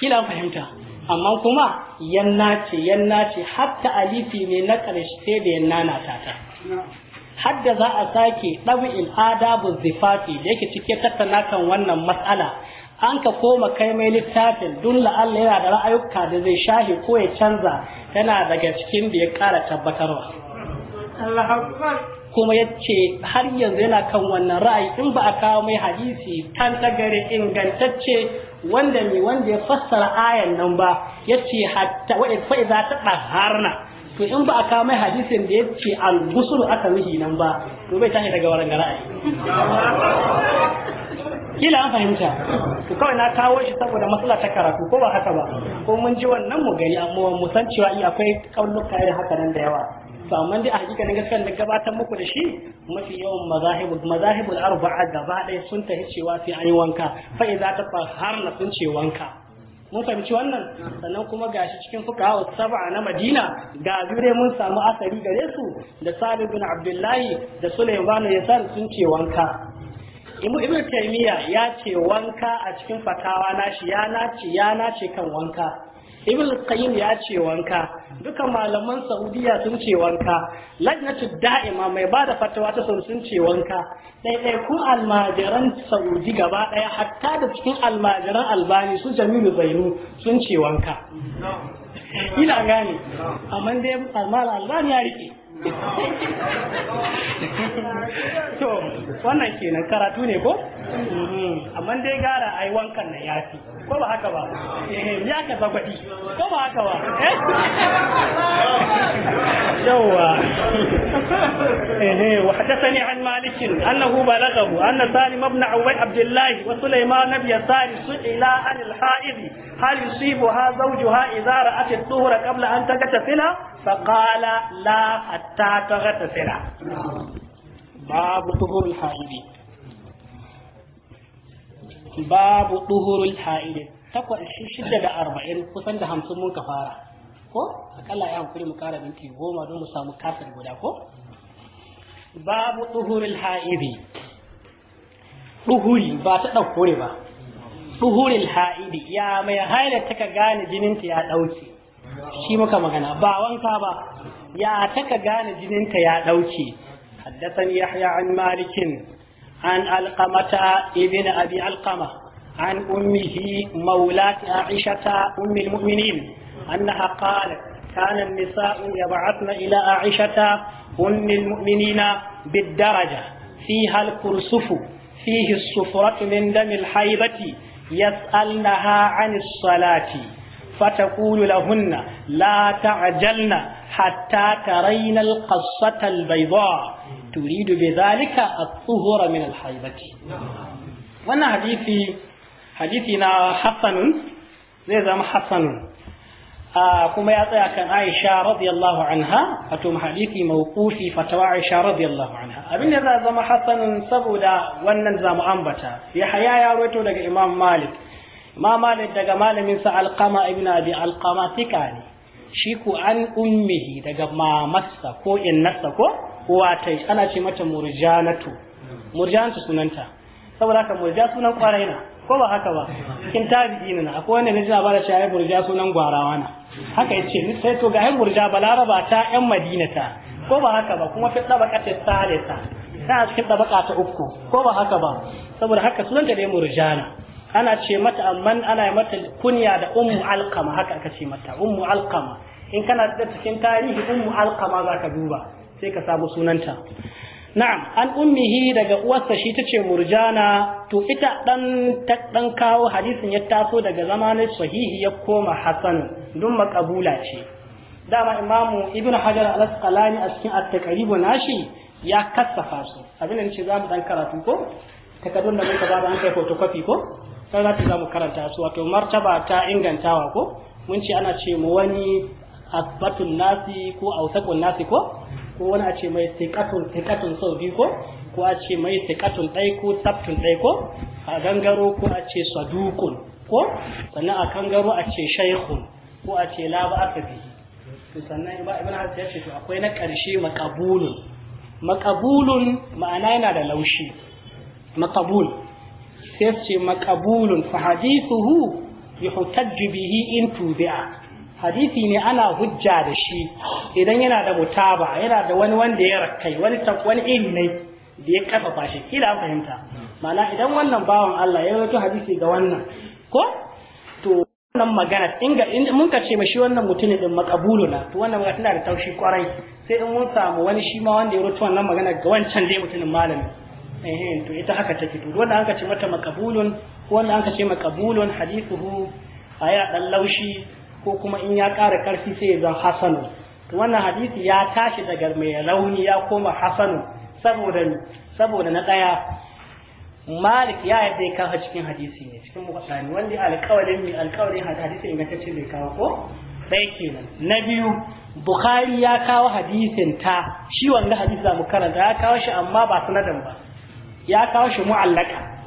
kila fahimta amma kuma yanna ce yanna ce hatta alifi ne na ƙarshe da yanna na tata hadda za a sake ɗabi'in adabu zifafi da yake cike tattana kan wannan matsala an ka koma kai mai littafin dun la'alla yana da ra'ayuka da zai shahi ko ya canza tana daga cikin da ya ƙara tabbatarwa kuma ya ce har yanzu yana kan wannan ra'ayi in ba a kawo mai hadisi kan tagare ingantacce wanda mai wanda ya fassara ayan nan ba ya ce hatta fa iza taɓa to in ba a kawo mai hadisin da ya ce al aka mihi nan ba to bai tashi daga waran ra'ayi kila an fahimta to kawai na kawo shi saboda matsala ta karatu ko ba haka ba ko mun ji wannan mu gani amma mu san cewa eh, akwai kauluka da haka nan da yawa to amma dai a hakika ne gaskiya da gabatar muku da shi mafi yawan mazahibu mazahibu al arba'a gaba ɗaya sun tafi cewa sai an yi wanka fa idza na sun ce wanka mun fahimci wannan sannan kuma gashi cikin fuqaha sab'a na Madina ga dure mun samu asari gare su da Salih bin Abdullahi da Sulaiman ya yasar sun ce wanka ibn taymiya ya ce wanka a cikin fatawa nashi ya nace ya nace kan wanka ibn qayyim ya ce wanka duka malaman saudiya sun ce wanka lajnatu da'ima mai ba da fatawa ta sun sun ce wanka ɗaiɗai ku almajiran saudi gaba ɗaya hatta da cikin almajiran albani su jamilu zainu sun ce wanka Ina gane amma dai almal albani ya rike to wannan ke nan karatu ne ko mhm. amma dai gara ai wankan nan yafi وحدثني عن مالك انه بلغه ان سالم بن عوي عبد الله وسليمان نبي يسار الى ان الحائض هل يصيبها زوجها اذا رات الطهر قبل ان تغتسلها فقال لا حتى تغتسلها باب طهور الحائض babu duhurul ha'idin takwas shidda da arba'in kusan da hamsin mun ka fara ko akalla ya hankuri mu kara minti goma don mu samu kafin guda ko babu duhurul ha'idi duhuri ba ta ɗauko ne ba duhurul ha'idi ya mai haila taka gane jininta ya ɗauke shi muka magana ba wanka ba ya taka gane jininta ya ɗauke haddasan يحيى an malikin. عن علقمة ابن أبي علقمة عن أمه مولاة عائشة أم المؤمنين أنها قالت كان النساء يبعثن إلى عائشة أم المؤمنين بالدرجة فيها الكرسف فيه الصفرة من دم الحيضة يسألنها عن الصلاة فتقول لهن لا تعجلن حتى ترين القصة البيضاء turidu bi zalika at-tuhura min al wannan hadisi hadisi na hasanun zai zama hasanun kuma ya tsaya kan Aisha radiyallahu anha wato hadisi mawqufi fatawa Aisha radiyallahu anha abin da zai zama hasanun saboda wannan zamu ambata ya haya ya rawaito daga Imam Malik Imam Malik daga malamin sa Alqama ibn Abi Alqama ne shi ku an ummihi daga mamarsa ko innarsa ko Watai ta ana ce mata murjanatu murjanatu sunanta saboda haka murja sunan kwarai na ko ba haka ba cikin tabi'i na akwai wanda ne ji labarin cewa ai murja sunan gwarawa na haka yace ni sai to ga ai murja balaraba ta yan madinata ko ba haka ba kuma fi dabaka ta salisa ta cikin dabaka ta uku ko ba haka ba saboda haka sunanta dai murjana ana ce mata amma ana mata kunya da ummu alqama haka aka ce mata ummu alqama in kana da cikin tarihi ummu alqama zaka duba sai ka samu sunanta na'am an ummihi daga uwarsa shi tace murjana to ita ɗan dan kawo hadisin ya taso daga zamanin sahihi ya koma hasan dun makabula ce dama imamu ibn hajar al-asqalani a cikin at-taqribu nashi ya kassafa su abin da nace zamu dan karatu ko takadun da muka ba an kai photocopy ko sai za ta zamu karanta su wato martaba ta ingantawa ko mun ce ana ce mu wani asbatun nasi ko ausakun nasi ko ko wani a ce mai tiqatun tiqatun sau biyu ko ko a ce mai tiqatun ɗai ko tsaftun ɗai ko a gangaro ko a ce sadukun ko sannan a kangaro a ce shaikhun ko a ce laba aka bihi to sannan ibn hasan ya ce to akwai na ƙarshe maqabulun maqabulun ma'ana yana da laushi maqabul sai ce maqabulun fa hadithuhu yuhtajju bihi in tubi'a hadisi ne ana hujja da shi idan yana da mutaba yana da wani wanda ya rakkai wani wani iri ne da ya karfafa shi kila fahimta Mana idan wannan bawan Allah ya rawaito hadisi ga wannan ko to wannan magana in ga mun ka ce ma shi wannan mutumin din makabuluna to wannan magana tana da taushi kwarai sai in mun samu wani shi ma wanda ya rawaito wannan magana ga wancan dai mutumin malami eh to ita haka take to wanda an ce mata makabulun wanda aka ce makabulun hadithuhu aya dan laushi ko kuma in ya ƙara ƙarfi sai ya zan hasanu wannan hadisi ya tashi daga mai rauni ya koma hasanu saboda saboda na ɗaya malik ya yadda ya kawo cikin hadisi ne cikin mukaddani wanda alƙawarin mai alƙawarin hadisi ce bai kawo ko ke kenan na biyu bukhari ya kawo hadisin ta shi wanda hadisi za mu karanta ya kawo shi amma ba sanadan ba ya kawo shi mu'allaka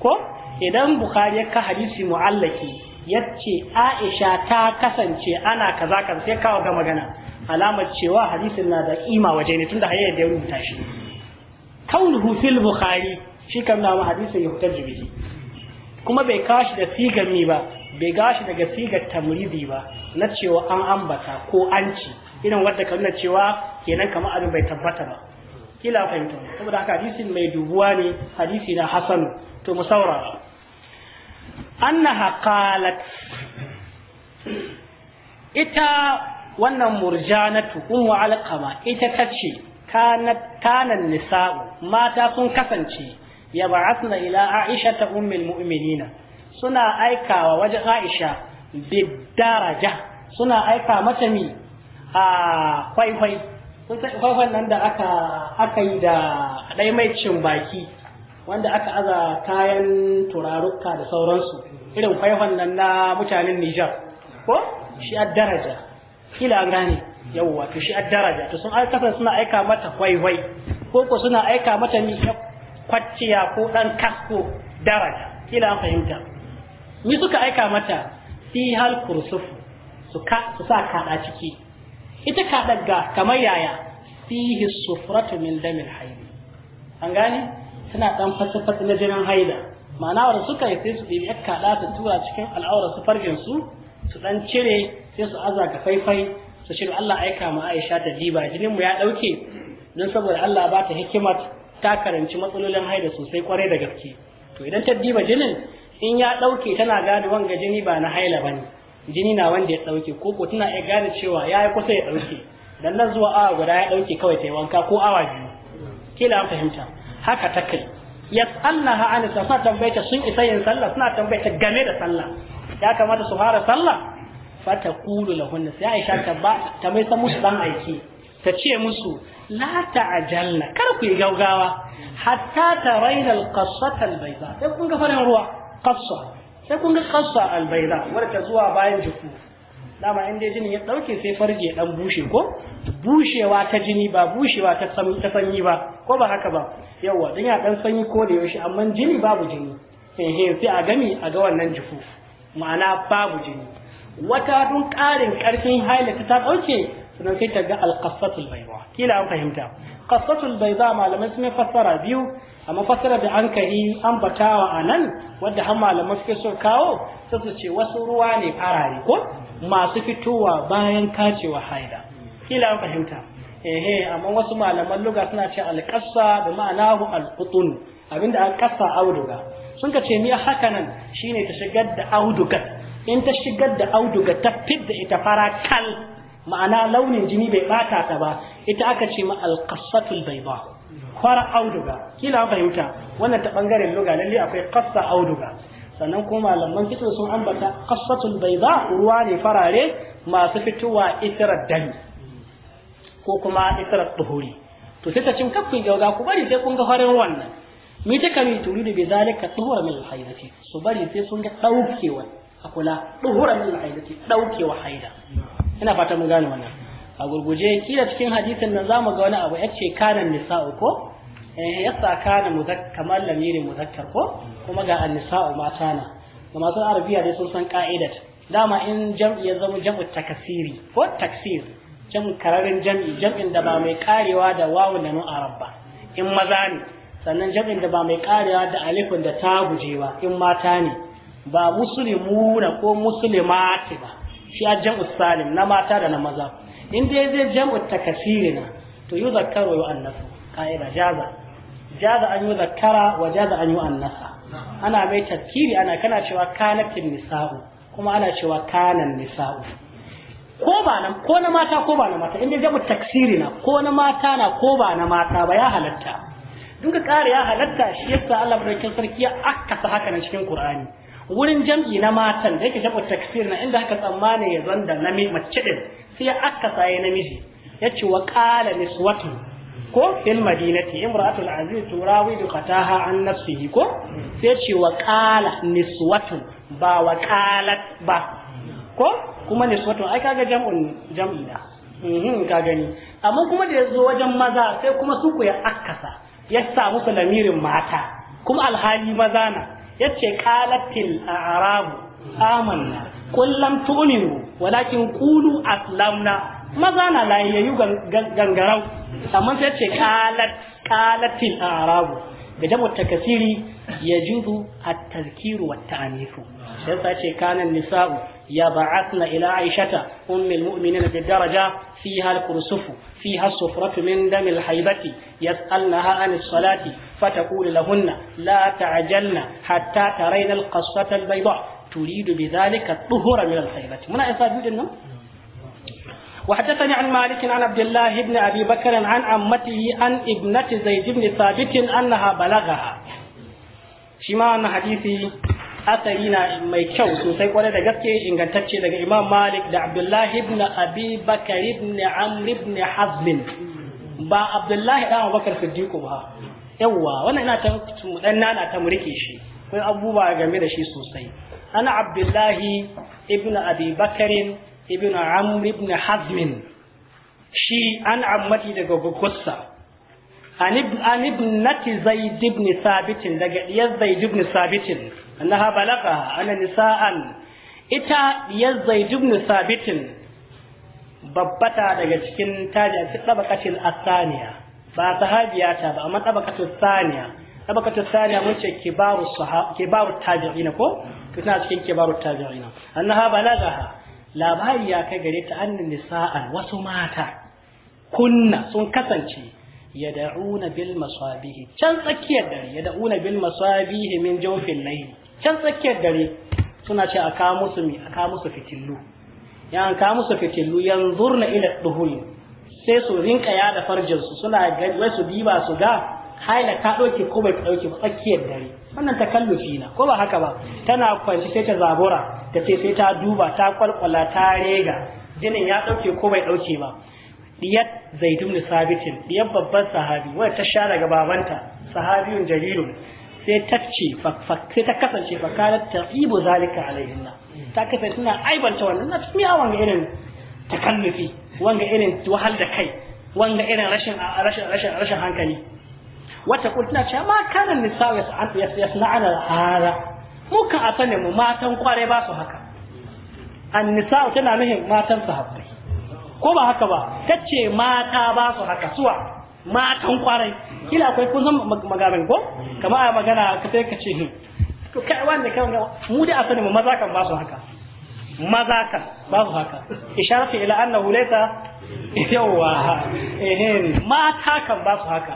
ko idan bukhari ya ka hadisi mu'allaki yace Aisha ta kasance ana kaza kan sai kawo ga magana alamar cewa hadisin na da kima waje ne tunda hayya da ya rubuta shi kaunuhu fil bukhari shi kan na hadisin ya hutar bihi kuma bai kashi da sigar ni ba bai gashi daga sigar tamridi ba na cewa an ambata ko an ci irin wadda ka nuna cewa kenan kamar abin bai tabbata ba kila fahimta saboda haka hadisin mai dubuwa ne hadisi na hasanu to mu saurara annaha qalat ita wannan murjanatu ummu alqama ita tace kanat kanan nisa'u mata sun kasance yab'athna ila aisha ta ummul mu'minina suna aikawa wajen aisha bidaraja suna aika mata mi a kwaikwai nan da aka aka yi da ɗai mai cin baki wanda aka aza kayan turaruka da sauransu irin faifan nan na mutanen Nijar ko shi a daraja kila an gane yawwa to shi a daraja to sun aikata suna aika mata waiwai ko ko suna aika mata ni kwacciya ko dan kasko daraja kila an fahimta ni suka aika mata fi hal kursuf su ka su sa kada ciki ita kada ga kamar yaya fihi sufratu min damil hayy an gane tana dan fasafat na jinin haida, ma'ana wanda suka yi sai su ɗibi ya kaɗa su tura cikin al'awar, su farjin su su ɗan cire sai su aza ga faifai su shirya Allah aika ma Aisha ta diba jinin mu ya ɗauke don saboda Allah ba ta hikima ta karanci matsalolin haida sosai kwarai da gaske to idan ta diba jinin in ya ɗauke tana gane wanga jini ba na haila ba ne. jini na wanda ya ɗauke ko ko tana iya gane cewa ya yi kusa ya ɗauke dan nan zuwa awa guda ya ɗauke kawai ta yi wanka ko awa biyu kila an fahimta haka ta kai yas'alnaha an suna tambayta sun isa yin sallah suna tambayta game da sallah ya kamata su fara sallah fata kulu lahunna sai Aisha ta ba ta mai san musu dan aiki ta ce musu la ajalla kar ku yi gaugawa hatta ta raina qassata al sai kun ga farin ruwa qassa sai kun ga qassa al-bayda wanda zuwa bayan jiku. dama in dai jinin ya ɗauke sai farji ya bushe ko bushewa ta jini ba bushewa ta ta sanyi ba ko ba haka ba Yau dan ya ɗan sanyi ko da yaushe amma jini babu jini eh sai a gami a ga wannan jufu ma'ana babu jini wata dun ƙarin karfin haila ta dauke sannan sai ta ga alqasatul bayda kila an fahimta qasatul bayda malamai sun fassara biyu amma fassara da an kai an batawa nan, wadda har malamai suke so kawo sai su ce wasu ruwa ne farare ko masu fitowa bayan kacewa haida kila an fahimta ehe amma wasu malaman luga suna ce alƙasa da ma'anahu alƙutun abinda an ƙasa auduga sun ka ce ni haka nan shine ta shigar da audugar. in ta shigar da auduga ta fidda ita fara kal ma'ana launin jini bai bata ta ba ita aka ce ma alƙasatul bayda fara auduga kila fahimta wannan ta bangaren luga lalle akwai ƙasa auduga sannan kuma malaman fitar sun ambata bai bayda ruwa ne farare masu fitowa itirar dami ko kuma itirar duhuri to sai ta cin kafin gauga ku bari sai kun ga farin wannan mi ta kami turidu bi zalika duhura min haidati su bari sai sun ga daukewa kula duhura min haidati daukewa haida ina fata mun gane wannan a gurguje kila cikin hadisin nan zamu ga wani abu yace kanan nisa'u ko eh yasa kana muzakkar kamar lamirin muzakkar ko kuma ga annisa'u mata na ga masu arabiya dai sun san ka'idat dama in jam'i ya zama jam'u takasiri ko taksir jam'u kararin jam'i jam'in da ba mai karewa da wawu da nun arab ba in maza ne sannan jam'in da ba mai karewa da alifin da ta gujewa in mata ne ba na ko musulmati ba shi a jam'u salim na mata da na maza in dai zai jam'u takasiri na to yi wa annasu ka'ida jaza jaza an yi zakara wa jaza an yi annasa ana mai tafkiri ana kana cewa kanatin nisa'u kuma ana cewa kanan nisa'u ko ba na ko na mata ko ba na mata inda jamu taksiri na ko na mata na ko ba na mata ba ya halatta duk ka kare ya halatta shi yasa Allah madaukakin sarki ya akasa haka nan cikin Qur'ani wurin jam'i na matan da yake jabu taksiri na inda haka tsammanin ya zanda namiji mace din sai ya akasa ya namiji yace wa qala niswatun ko fil madinati imra'atul aziz turawidu qataha an nafsihi ko sai ce wa qala niswatun ba wa qalat ba ko kuma niswatun ai kaga jam'un jam'i da mhm ka gani amma kuma da yazo wajen maza sai kuma su ku ya akasa ya samu lamirin mata kuma alhali maza na yace qalatil a'rabu amanna qul lam tu'minu walakin qulu aslamna maza na layayyu gangarau amma sai ce qalat qalatil arabu da jamu takasiri yajudu at-tazkiru wat-ta'nifu sai sa ce nisa'u ya ba'athna ila aishata ummul mu'minin bi daraja fiha hal kursufu fiha as-sufratu min dami haibati haybati yas'alnaha an as-salati fataqulu lahunna la ta'jalna hatta tarayna al-qassata al-bayda turidu bi dhalika at-tuhura min al-haybati muna isa bidin nan وحدثني عن مالك عن عبد الله بن أبي بكر عن عمته عن ابنة زيد بن ثابت أنها بلغها شما أن حديثي asari na mai kyau sosai kwarai da gaske ingantacce daga Imam Malik da Abdullah ibn Abi ibn Amr ibn Hazm ba Abdullah dan Abubakar Siddiq ba yawa wannan ina ta dan nana ta murike shi kai abubuwa game da shi sosai An Abdullah ibn Abi ibn amr ibn hazm shi an ammati daga gukussa an ibnati zaid ibn thabit daga diyar zaid ibn thabit annaha balagha ana nisa'an ita diyar zaid ibn thabit babbata daga cikin taja ta tabaqatil asaniya ba sahabiya ta ba amma tabaqatil saniya tabaqatil saniya mun ce kibaru sahaba kibaru tabi'ina ko to tana cikin kibaru tabi'ina annaha balagha labari ya kai gare ta annin nisa'an wasu mata kunna sun kasance ya da'una bil masabihi can tsakiyar dare ya da'una bil masabihi min jofin layi can tsakiyar dare suna ce a kawo musu mi a kawo musu fitillu ya an kawo musu ila duhul sai su rinka yada farjin su suna gani wai su diba su ga haila ta ko bai ba tsakiyar dare wannan ta takallufi na ko ba haka ba tana kwanci sai ta zabura ta ce sai ta duba ta kwalkwala ta rega jinin ya ɗauke ko bai ɗauke ba diyar zaidun da sabitin diyar babban sahabi wadda ta sha daga babanta sahabiyun jalilun sai ta ce sai ta kasance fakarar ta ibu zalika alaihinna ta kasance suna aibanta wannan na miya wanga irin takallufi wanga irin wahal da kai wanga irin rashin rashin rashin hankali wata kuma tana cewa ma kana nisawa yasna'ana hada muka a sanin mu matan kware ba su haka annisa tana nuhin matan sahabbai ko ba haka ba kace mata ba su haka suwa matan kwarai kila akwai kun san magamin ko Kama a magana ka sai ka ce hmm. kai wanda kan mu da a sanin mu maza kan ba su haka maza kan ba su haka isharatu ila annahu laysa yawa eh, eh, eh mata kan ba su haka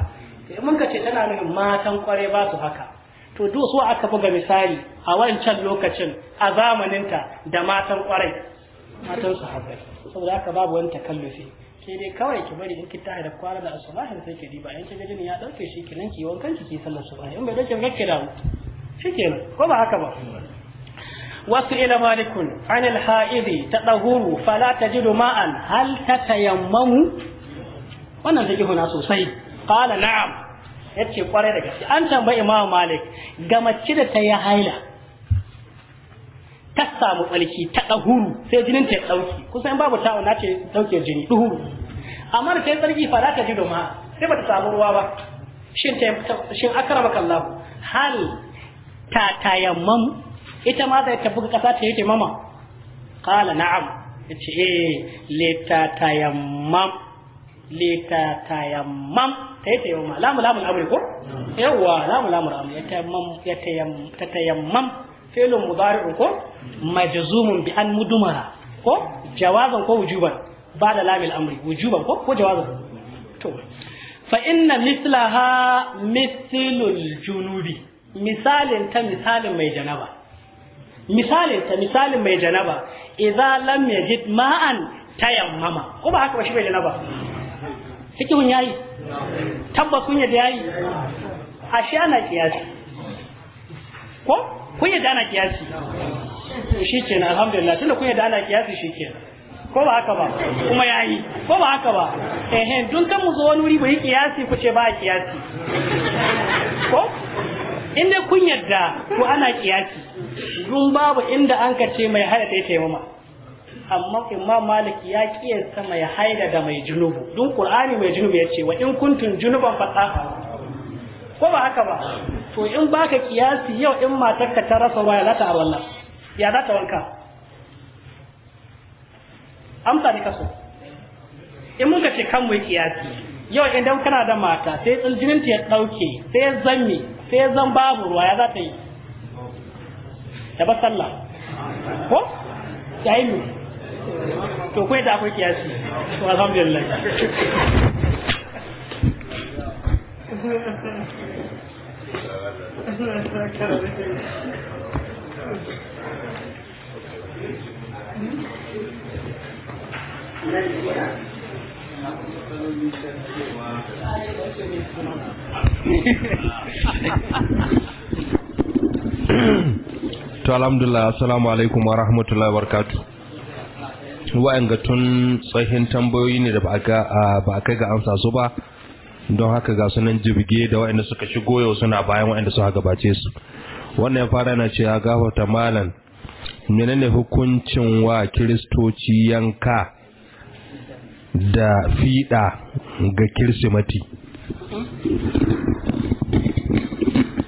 mun ka ce tana nuhin matan kwarai ba su haka to duk su aka buga misali a wancan lokacin a zamaninta da matan kwarai matan sahabbai saboda haka babu wani takallufi ke dai kawai ki bari in ki tahi da kwara da asubahin sai ki diba in ki jini ya dauke shi ki ninki wankan ki sallar subahi in bai dauke ba ki dawo shikenan ko ba haka ba wasu ila malikun an alha'idi ta dahuru fala tajidu ma'an hal ta tatayammamu wannan zai da huna sosai qala na'am yace kwarai da gaske an tambaye Imam Malik ga mace da ta yi haila ta samu tsalki ta dahuru sai jinin ta dauki kusan babu ta'u na ce dauke jini duhuru amma da ta yi tsarki fara ta ji doma sai ba ta samu ruwa ba shin ta shin akramaka Allah hal ta tayammam ita ma zai tafi buga kasa ta yi tayammama qala na'am yace eh lita tayammam lita tayammam ta yi tayammum lamu lamun amri ko yawwa lamu lamun amri ya tayammam ya tayammam ta tayammum fi'lun mudari'un ko majzumun bi an mudumara ko jawazan ko wujuban bada da lamil amri wujuban ko ko jawazan to fa inna mislaha mislul junubi misalin ta misalin mai janaba misalin ta misalin mai janaba idza lam yajid ma'an tayammama ko ba haka ba shi bai janaba fikihun yayi tabbas kun yadda yayi ashe ana kiyasi ko kun yadda ana kiyasi shi kenan alhamdulillah tunda kun yadda ana kiyasi shi ko ba haka ba kuma ya yi ko ba haka ba eh dun kan mu zo wani wuri bai kiyasi ku ce ba kiyasi ko in dai kun yadda ko ana kiyasi dun babu inda an ka ce mai hada ta yi taimama amma imam malik ya kiyasta mai haida da mai junubu dun qur'ani mai junubu yace wa in kuntum junuban fataha ko ba haka ba to in baka kiyasi yau in matarka ta rasa waya ya ta arwalla ya za ta wanka amsa ne kaso in muka ce kan mu kiyasi yau idan kana da mata sai jinin ta ya dauke sai zanni sai zan babu ruwa ya ta yi ta ba sallah ko yayin to kai da akwai kiyasi to alhamdulillah to alhamdulillah assalamu alaikum wa rahmatullahi wa barakatuh wa'anga tun tsohin tambayoyi ne da ba a kai ga amsa su ba don haka ga sunan jibge da wa'anda suka shigo yau suna bayan wa'anda suka gabace su wannan ya fara na ce ya gafarta malam menene hukuncin wa kiristoci yanka da fiɗa ga kirsimati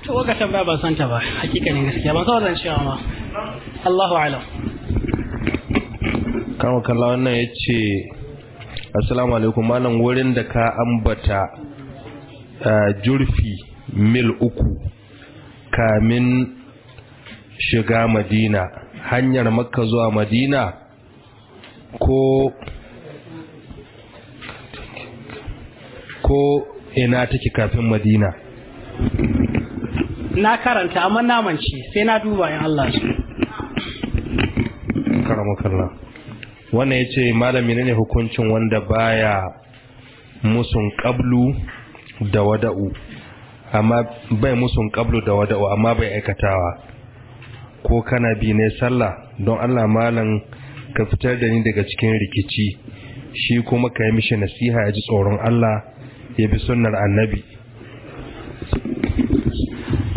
to ga tambaya ban santa ba hakikanin gaskiya ban san cewa ma Allahu a'lam kama kalla wannan ya ce assalamu alaikum malam wurin da ka ambata eh, jurfi mil uku kamin shiga madina hanyar makka zuwa madina ko ko ina take kafin madina na karanta amma namance sai na duba in Allah su karamakallah wannan ya ce malami ne hukuncin wanda baya musun kablu da wada'u amma bai musun kablu da wada'u amma bai aikatawa ko kana bi ne sallah don allah malam ka fitar da ni daga cikin rikici shi kuma ka yi mishi nasiha ya ji tsoron allah ya bi sunnar annabi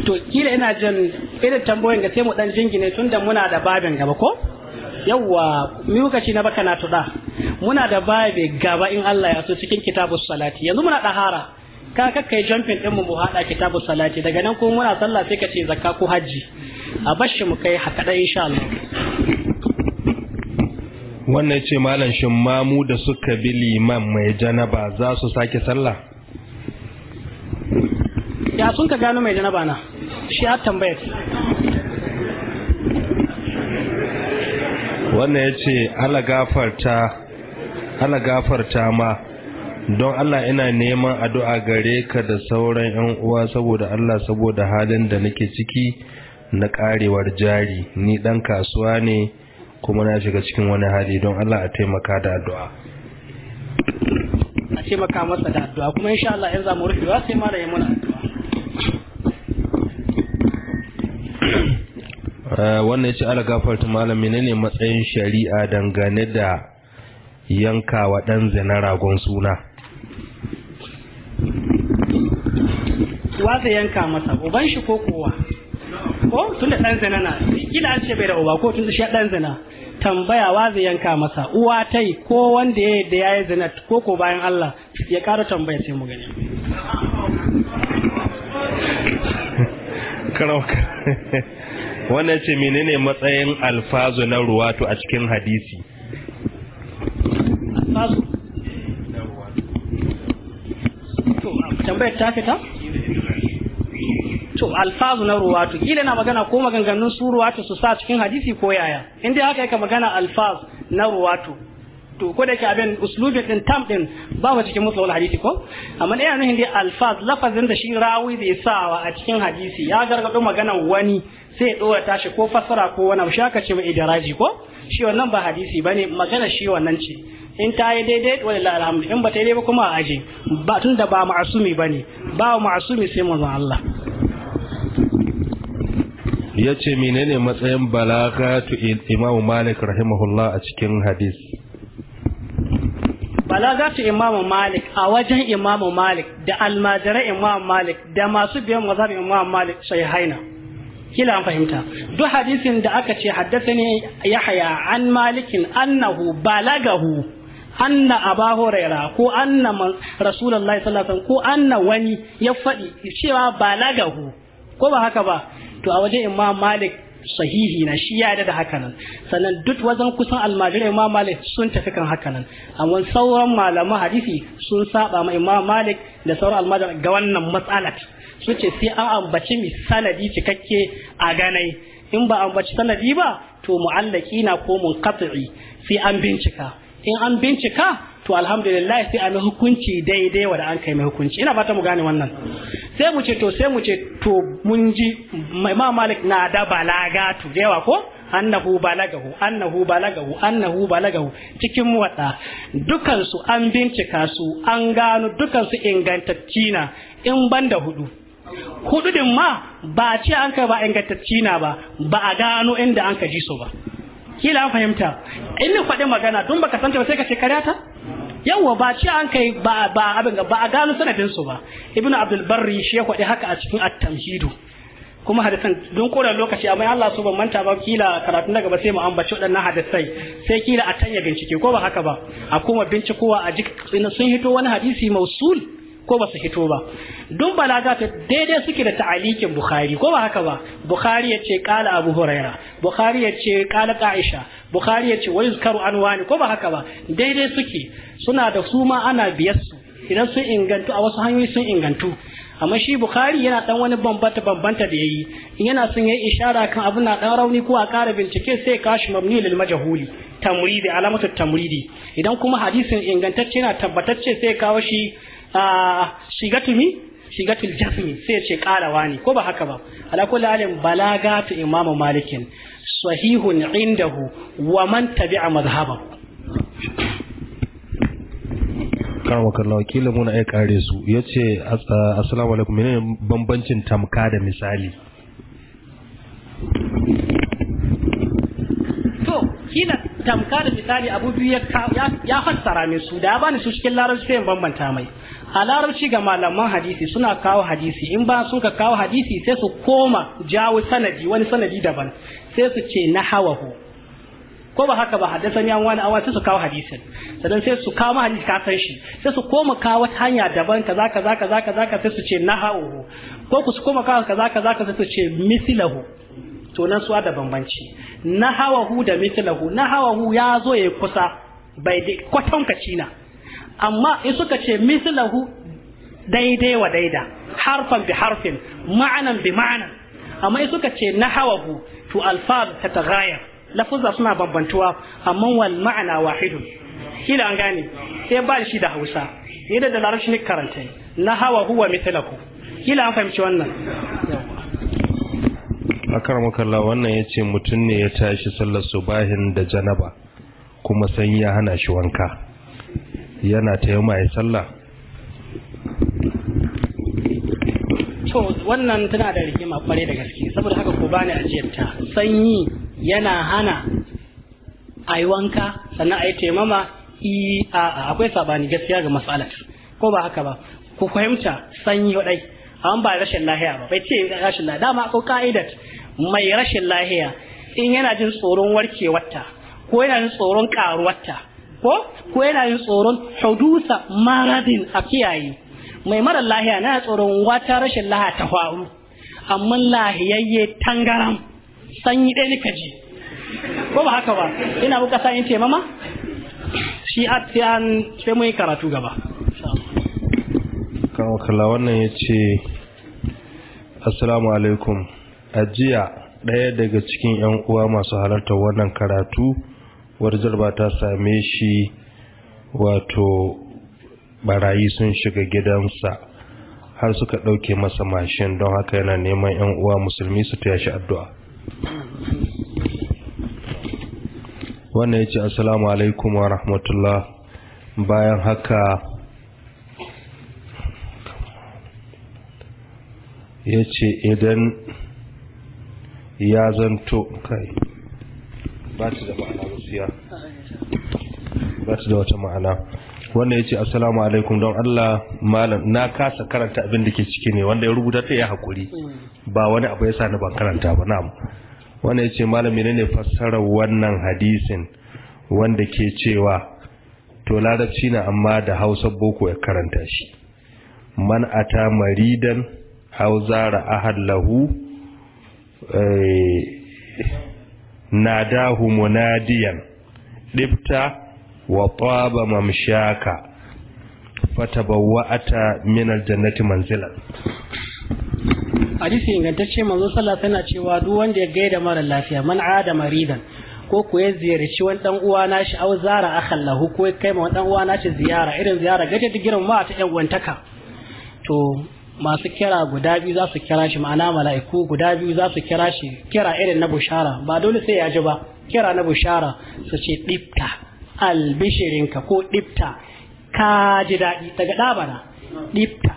to kila ina jin irin tambayoyin ga sai mu dan jingine tunda muna da babin gaba ko yawa mi muka ci na baka na tuɗa muna da babe gaba in Allah ya so cikin kitabus salati yanzu muna ɗahara ka kakkai jumping ɗin mu mu haɗa kitabus salati daga nan kuma muna sallah sai ka ce zakka ko hajji a bashi mu kai haka da insha Allah wannan ce malam shin mamu da suka bi liman mai janaba za su sake sallah ya sun ka gano mai janaba na shi a tambayar wannan ya ce ala gafarta ma don Allah ina neman addu'a gare ka da sauran ‘yan uwa saboda Allah saboda halin da nake ciki na karewar jari ni ɗan kasuwa ne kuma na shiga cikin wani hali don Allah a taimaka da addu'a a taimaka masa da addu'a kuma insha Allah ‘yan zamu rufewa sai mara ya muna addu'a Eh, wannan yace ala gafarta malam menene matsayin shari'a dangane da yankawa dan zina ragon suna wa zai yanka masa uban shi ko kowa ko tun da dan zina na kila an ce bai da uba ko tun da shi dan zina tambaya wa zai yanka masa uwa tai ko wanda ya da yayi zina ko ko bayan Allah ya ƙara tambaya sai mu gani karauka wannan ce menene matsayin alfazu na ruwatu a cikin hadisi alfazu tambayar ta fita to na ruwatu kila na magana ko maganganun su ruwatu su sa cikin hadisi ko yaya in haka yake magana alfaz na ruwatu to ko da ke abin uslubin din tam din ba mu cikin musulul hadisi ko amma ina nuhin dai alfaz lafazin da shi rawi da ya sawa a cikin hadisi ya gargado magana wani sai ya dora tashi ko fassara ko wani abu shaka ce mai daraji ko shi wannan ba hadisi bane magana shi wannan ce in ta yi daidai wani la'alhamdu in ba ta yi ba kuma a aji ba tunda ba ma'asumi ne ba ma'asumi sai mazan Allah ya ce menene matsayin balaga tu imamu malik rahimahullah a cikin hadis balaga tu imamu malik a wajen imamu malik da almajirai imamu malik da masu biyan mazan imamu malik sai haina kila an fahimta duk hadisin da aka ce haddathani yahya an malikin annahu balagahu anna aba huraira ko anna rasulullahi sallallahu alaihi ko anna wani ya faɗi cewa balagahu ko ba haka ba to a wajen imam malik sahihi na shi ya da hakanan sannan duk wajen kusan almajirai imam malik sun tafi kan hakanan amma sauran malaman hadisi sun saba ma imam malik da sauran almajirai ga wannan matsalar Su ce sai an ambaci mi sanadi cikakke a ganai in ba ambaci sanadi ba to mu'allaki na ko mun kafi sai an bincika in an bincika to alhamdulillah sai an hukunci daidai wa da an kai mai hukunci ina fata mu gane wannan sai mu ce to sai mu ce to mun ji ma malik na da balagatu da yawa ko annahu balagahu annahu balagahu annahu balagahu cikin wada su an bincika su an gano dukansu ingantacci na in banda hudu hudu din ma ba a ce an kai ba ingantacci na ba ba a gano inda an ka ji su ba kila an fahimta in ni faɗi magana tun baka santa ba sai ka ce ta. yawwa ba ce an kai ba ba abin ba a gano sanadin su ba Ibn abdul barri shi ya faɗi haka a cikin at-tamhidu kuma hadisan don koran lokaci amma Allah su ban manta ba kila karatun daga ba sai mu ambaci waɗannan hadisai sai kila a tanya bincike ko ba haka ba a kuma bincikowa a jikin sun hito wani hadisi mausul ko ba su hito ba duk balaga ta daidai suke da ta'alikin bukhari ko ba haka ba bukhari yace qala abu huraira bukhari yace qala aisha bukhari yace wa yuzkaru anwani ko ba haka ba daidai suke suna da su ma ana biyar su idan sun ingantu a wasu hanyoyi sun ingantu amma shi bukhari yana dan wani bambanta bambanta da yayi yana son yayi ishara kan abu na dan rauni ko a ƙara bincike sai kashi mabni lil majhuli tamridi alamatu tamridi idan kuma hadisin ingantacce yana tabbatacce sai kawo shi shigatu ah, shiga shigatul jasmi sai ce karawa ne ko ba haka ba ala kulli balaga balagatu imamu malikin sahihun indahu wa man tabi'a mazhaba karwa kallawa kila muna ya kare su ya ce asalamu alaikum menene bambancin tamka da misali to kila tamka da misali abu biyu ya fassara min su da ya bani su cikin larabci sai bambanta mai a larabci ga malaman hadisi suna kawo hadisi in ba sun ka kawo hadisi sai su koma jawo sanadi wani sanadi daban sai su ce na hawahu ko ba haka ba haddasa ni an wani awa sai su kawo hadisin sannan sai su kawo hadisi ka san shi sai su koma kawo wata hanya daban kaza kaza kaza kaza sai su ce na hawahu ko ku su koma kawo kaza kaza sai su ce misilahu to nan suwa da bambanci na hawa hu da mitlahu na hawa hu ya zo ya kusa bai da kwatankaci na amma in suka ce mislahu daidai wa daida harfan bi harfin ma'anan bi ma'anan amma in suka ce na hawa hu, to alfaz ta tagayar lafuzza suna bambantuwa amma wal ma'ana wahidun kila an gane sai ba shi da hausa yadda da larashin ne karanta na hawa huwa mithlahu kila an fahimci wannan akarmakalla wannan ya ce mutum ne ya tashi sallar subahin da janaba kuma sanyi ya hana shi wanka yana ta ya sallah to wannan tana da rigima kwarai da gaske saboda haka ko bani ajiyarta sanyi yana hana a yi wanka sannan a yi taimama a akwai sabani gaskiya ga matsalar ko ba haka ba ku fahimta sanyi wadai an ba rashin lahiya ba bai ce rashin lahiya dama ko ka'idat mai rashin lahiya in yana jin tsoron warkewarta ko yana jin tsoron karuwarta ko ko yana jin tsoron hudusa maradin a kiyaye mai mara lahiya na tsoron wata rashin lahiya ta faru amma lahiyayye tangaram sanyi ɗaya nika ji ko ba haka ba ina muka ƙasa in ce mama shi a sai mun yi karatu gaba kan kala wannan ya ce assalamu alaikum a jiya ɗaya daga cikin 'yan uwa masu halartar wannan karatu warjar ba ta same shi wato barayi sun shiga gidansa har suka ɗauke masa mashin don haka yana neman 'yan uwa musulmi su ta shi addu'a wannan ya ce assalamu alaikum wa rahmatullah bayan haka ya ce idan ya zanto kai ba ta da ma'ana ba ta da wata ma'ana wannan ya ce assalamu alaikum don Allah malam na kasa karanta abin da ke ciki ne wanda ya rubuta ta ya haƙuri ba wani abu ya sa ni ban karanta ba na, wannan ya ce malam ne fassara wannan hadisin wanda ke cewa to larabci na amma da hausa boko ya karanta shi man ata maridan أو زار أهل له ناداه مناديا wa وطاب mamshaka fatabawwa'ata من الجنة منزلا hadisi ingantacce manzo sallah tana cewa duk wanda ya gaida mara lafiya man ada maridan ko ku ya ziyarci wani dan uwa nashi au zara akhan ko ya kai ma wani dan uwa nashi ziyara irin ziyara gaje digirin ma ta yan wantaka. to masu kira guda biyu za su kira shi ma'ana mala'iku guda biyu za su kira shi kira irin na bushara ba dole sai ya ji ba kira na bushara su ce ɗifta albishirinka ko ɗifta ka ji daɗi daga ɗabana ɗifta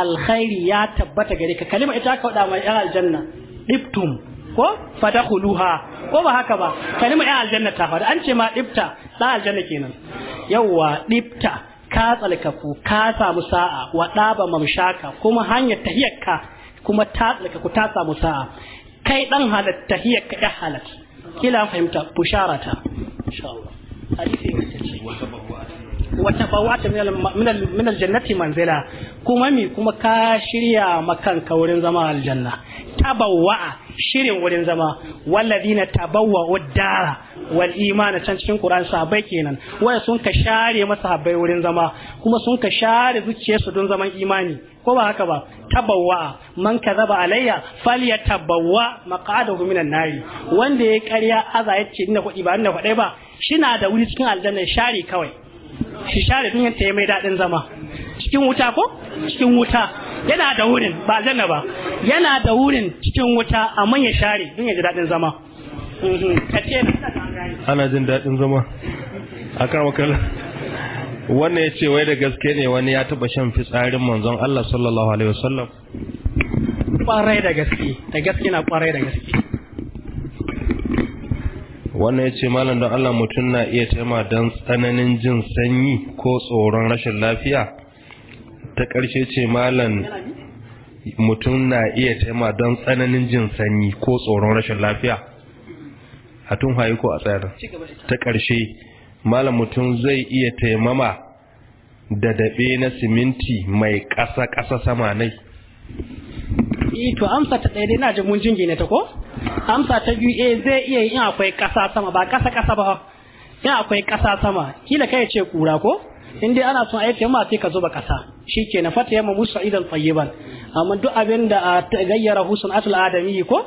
alkhairi ya tabbata gare ka kalima ita aka faɗa mai yan aljanna ɗiftum ko fadakhuluha ko ba haka ba kalima yan aljanna ta faɗa an ce ma ɗifta ɗan aljanna kenan yawwa ɗifta ka tsalkaku ka samu sa'a wa ɗaba mamshaka kuma hanyar tahiyarka kuma ta tsalkaku ta samu sa'a kai ɗan halat tahiyar ka ɗan halat kila fahimta busharata insha Allah hadisi wata bawata min aljannati manzila kuma mi kuma ka shirya makanka wurin zama aljanna tabawwa shirin wurin zama walladina tabawwa dara wal imana can cikin Qur'an sahabbai kenan waya sun ka share masa sahabbai wurin zama kuma sun ka share su don zaman imani ko ba haka ba tabawwa man kazaba alayya falyatabawwa maqadahu minan nari wanda ya ƙarya aza yace ina kuɗi ba ina kuɗi ba shina da wuri cikin aljanna share kawai shi share din yanta mai dadin zama cikin wuta ko cikin wuta yana da wurin ba aljanna ba yana da wurin cikin wuta amma ya share din ya ji daɗin zama Mm-hmm. ana jin daɗin zama a kala. wannan ya ce wai da gaske ne wani ya taba shan fitsarin manzon Allah sallallahu alaihi wasallam kwarai da gaske da gaske na kwarai da gaske wannan ya ce malam don Allah mutum na iya taima don tsananin jin sanyi ko tsoron rashin lafiya ta ƙarshe ce malam mutum na iya taima don tsananin jin sanyi ko tsoron rashin lafiya a tun haye ko a tsayar ta ƙarshe malam mutum zai iya taimama da daɓe na siminti mai ƙasa-ƙasa sama nai eh, to amsa ta ɗaya na ji mun jingine ta ko amsa ta biyu eh zai iya yin akwai ƙasa sama ba ƙasa-ƙasa ba in akwai ƙasa sama kila kai ce kura ko in dai ana son a yi taimama sai ka zuba ƙasa shi ke na fata yamma musu idan ba, amma duk abin da a gayyara husun asul adami ko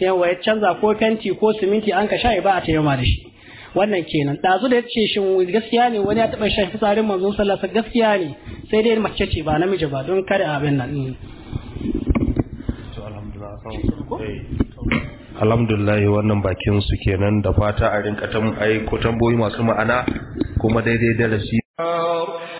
yawa ya canza ko fenti ko siminti an ka shaye ba a tayyama da shi wannan kenan dazu da yace shin gaskiya ne wani ya taba shan fitsarin manzon sallallahu alaihi wasallam gaskiya ne sai dai mace ce ba namiji ba don kare abin nan eh, alhamdulillah wannan bakin su kenan da fata a rinka tam ko tamboyi masu ma'ana kuma daidai darasi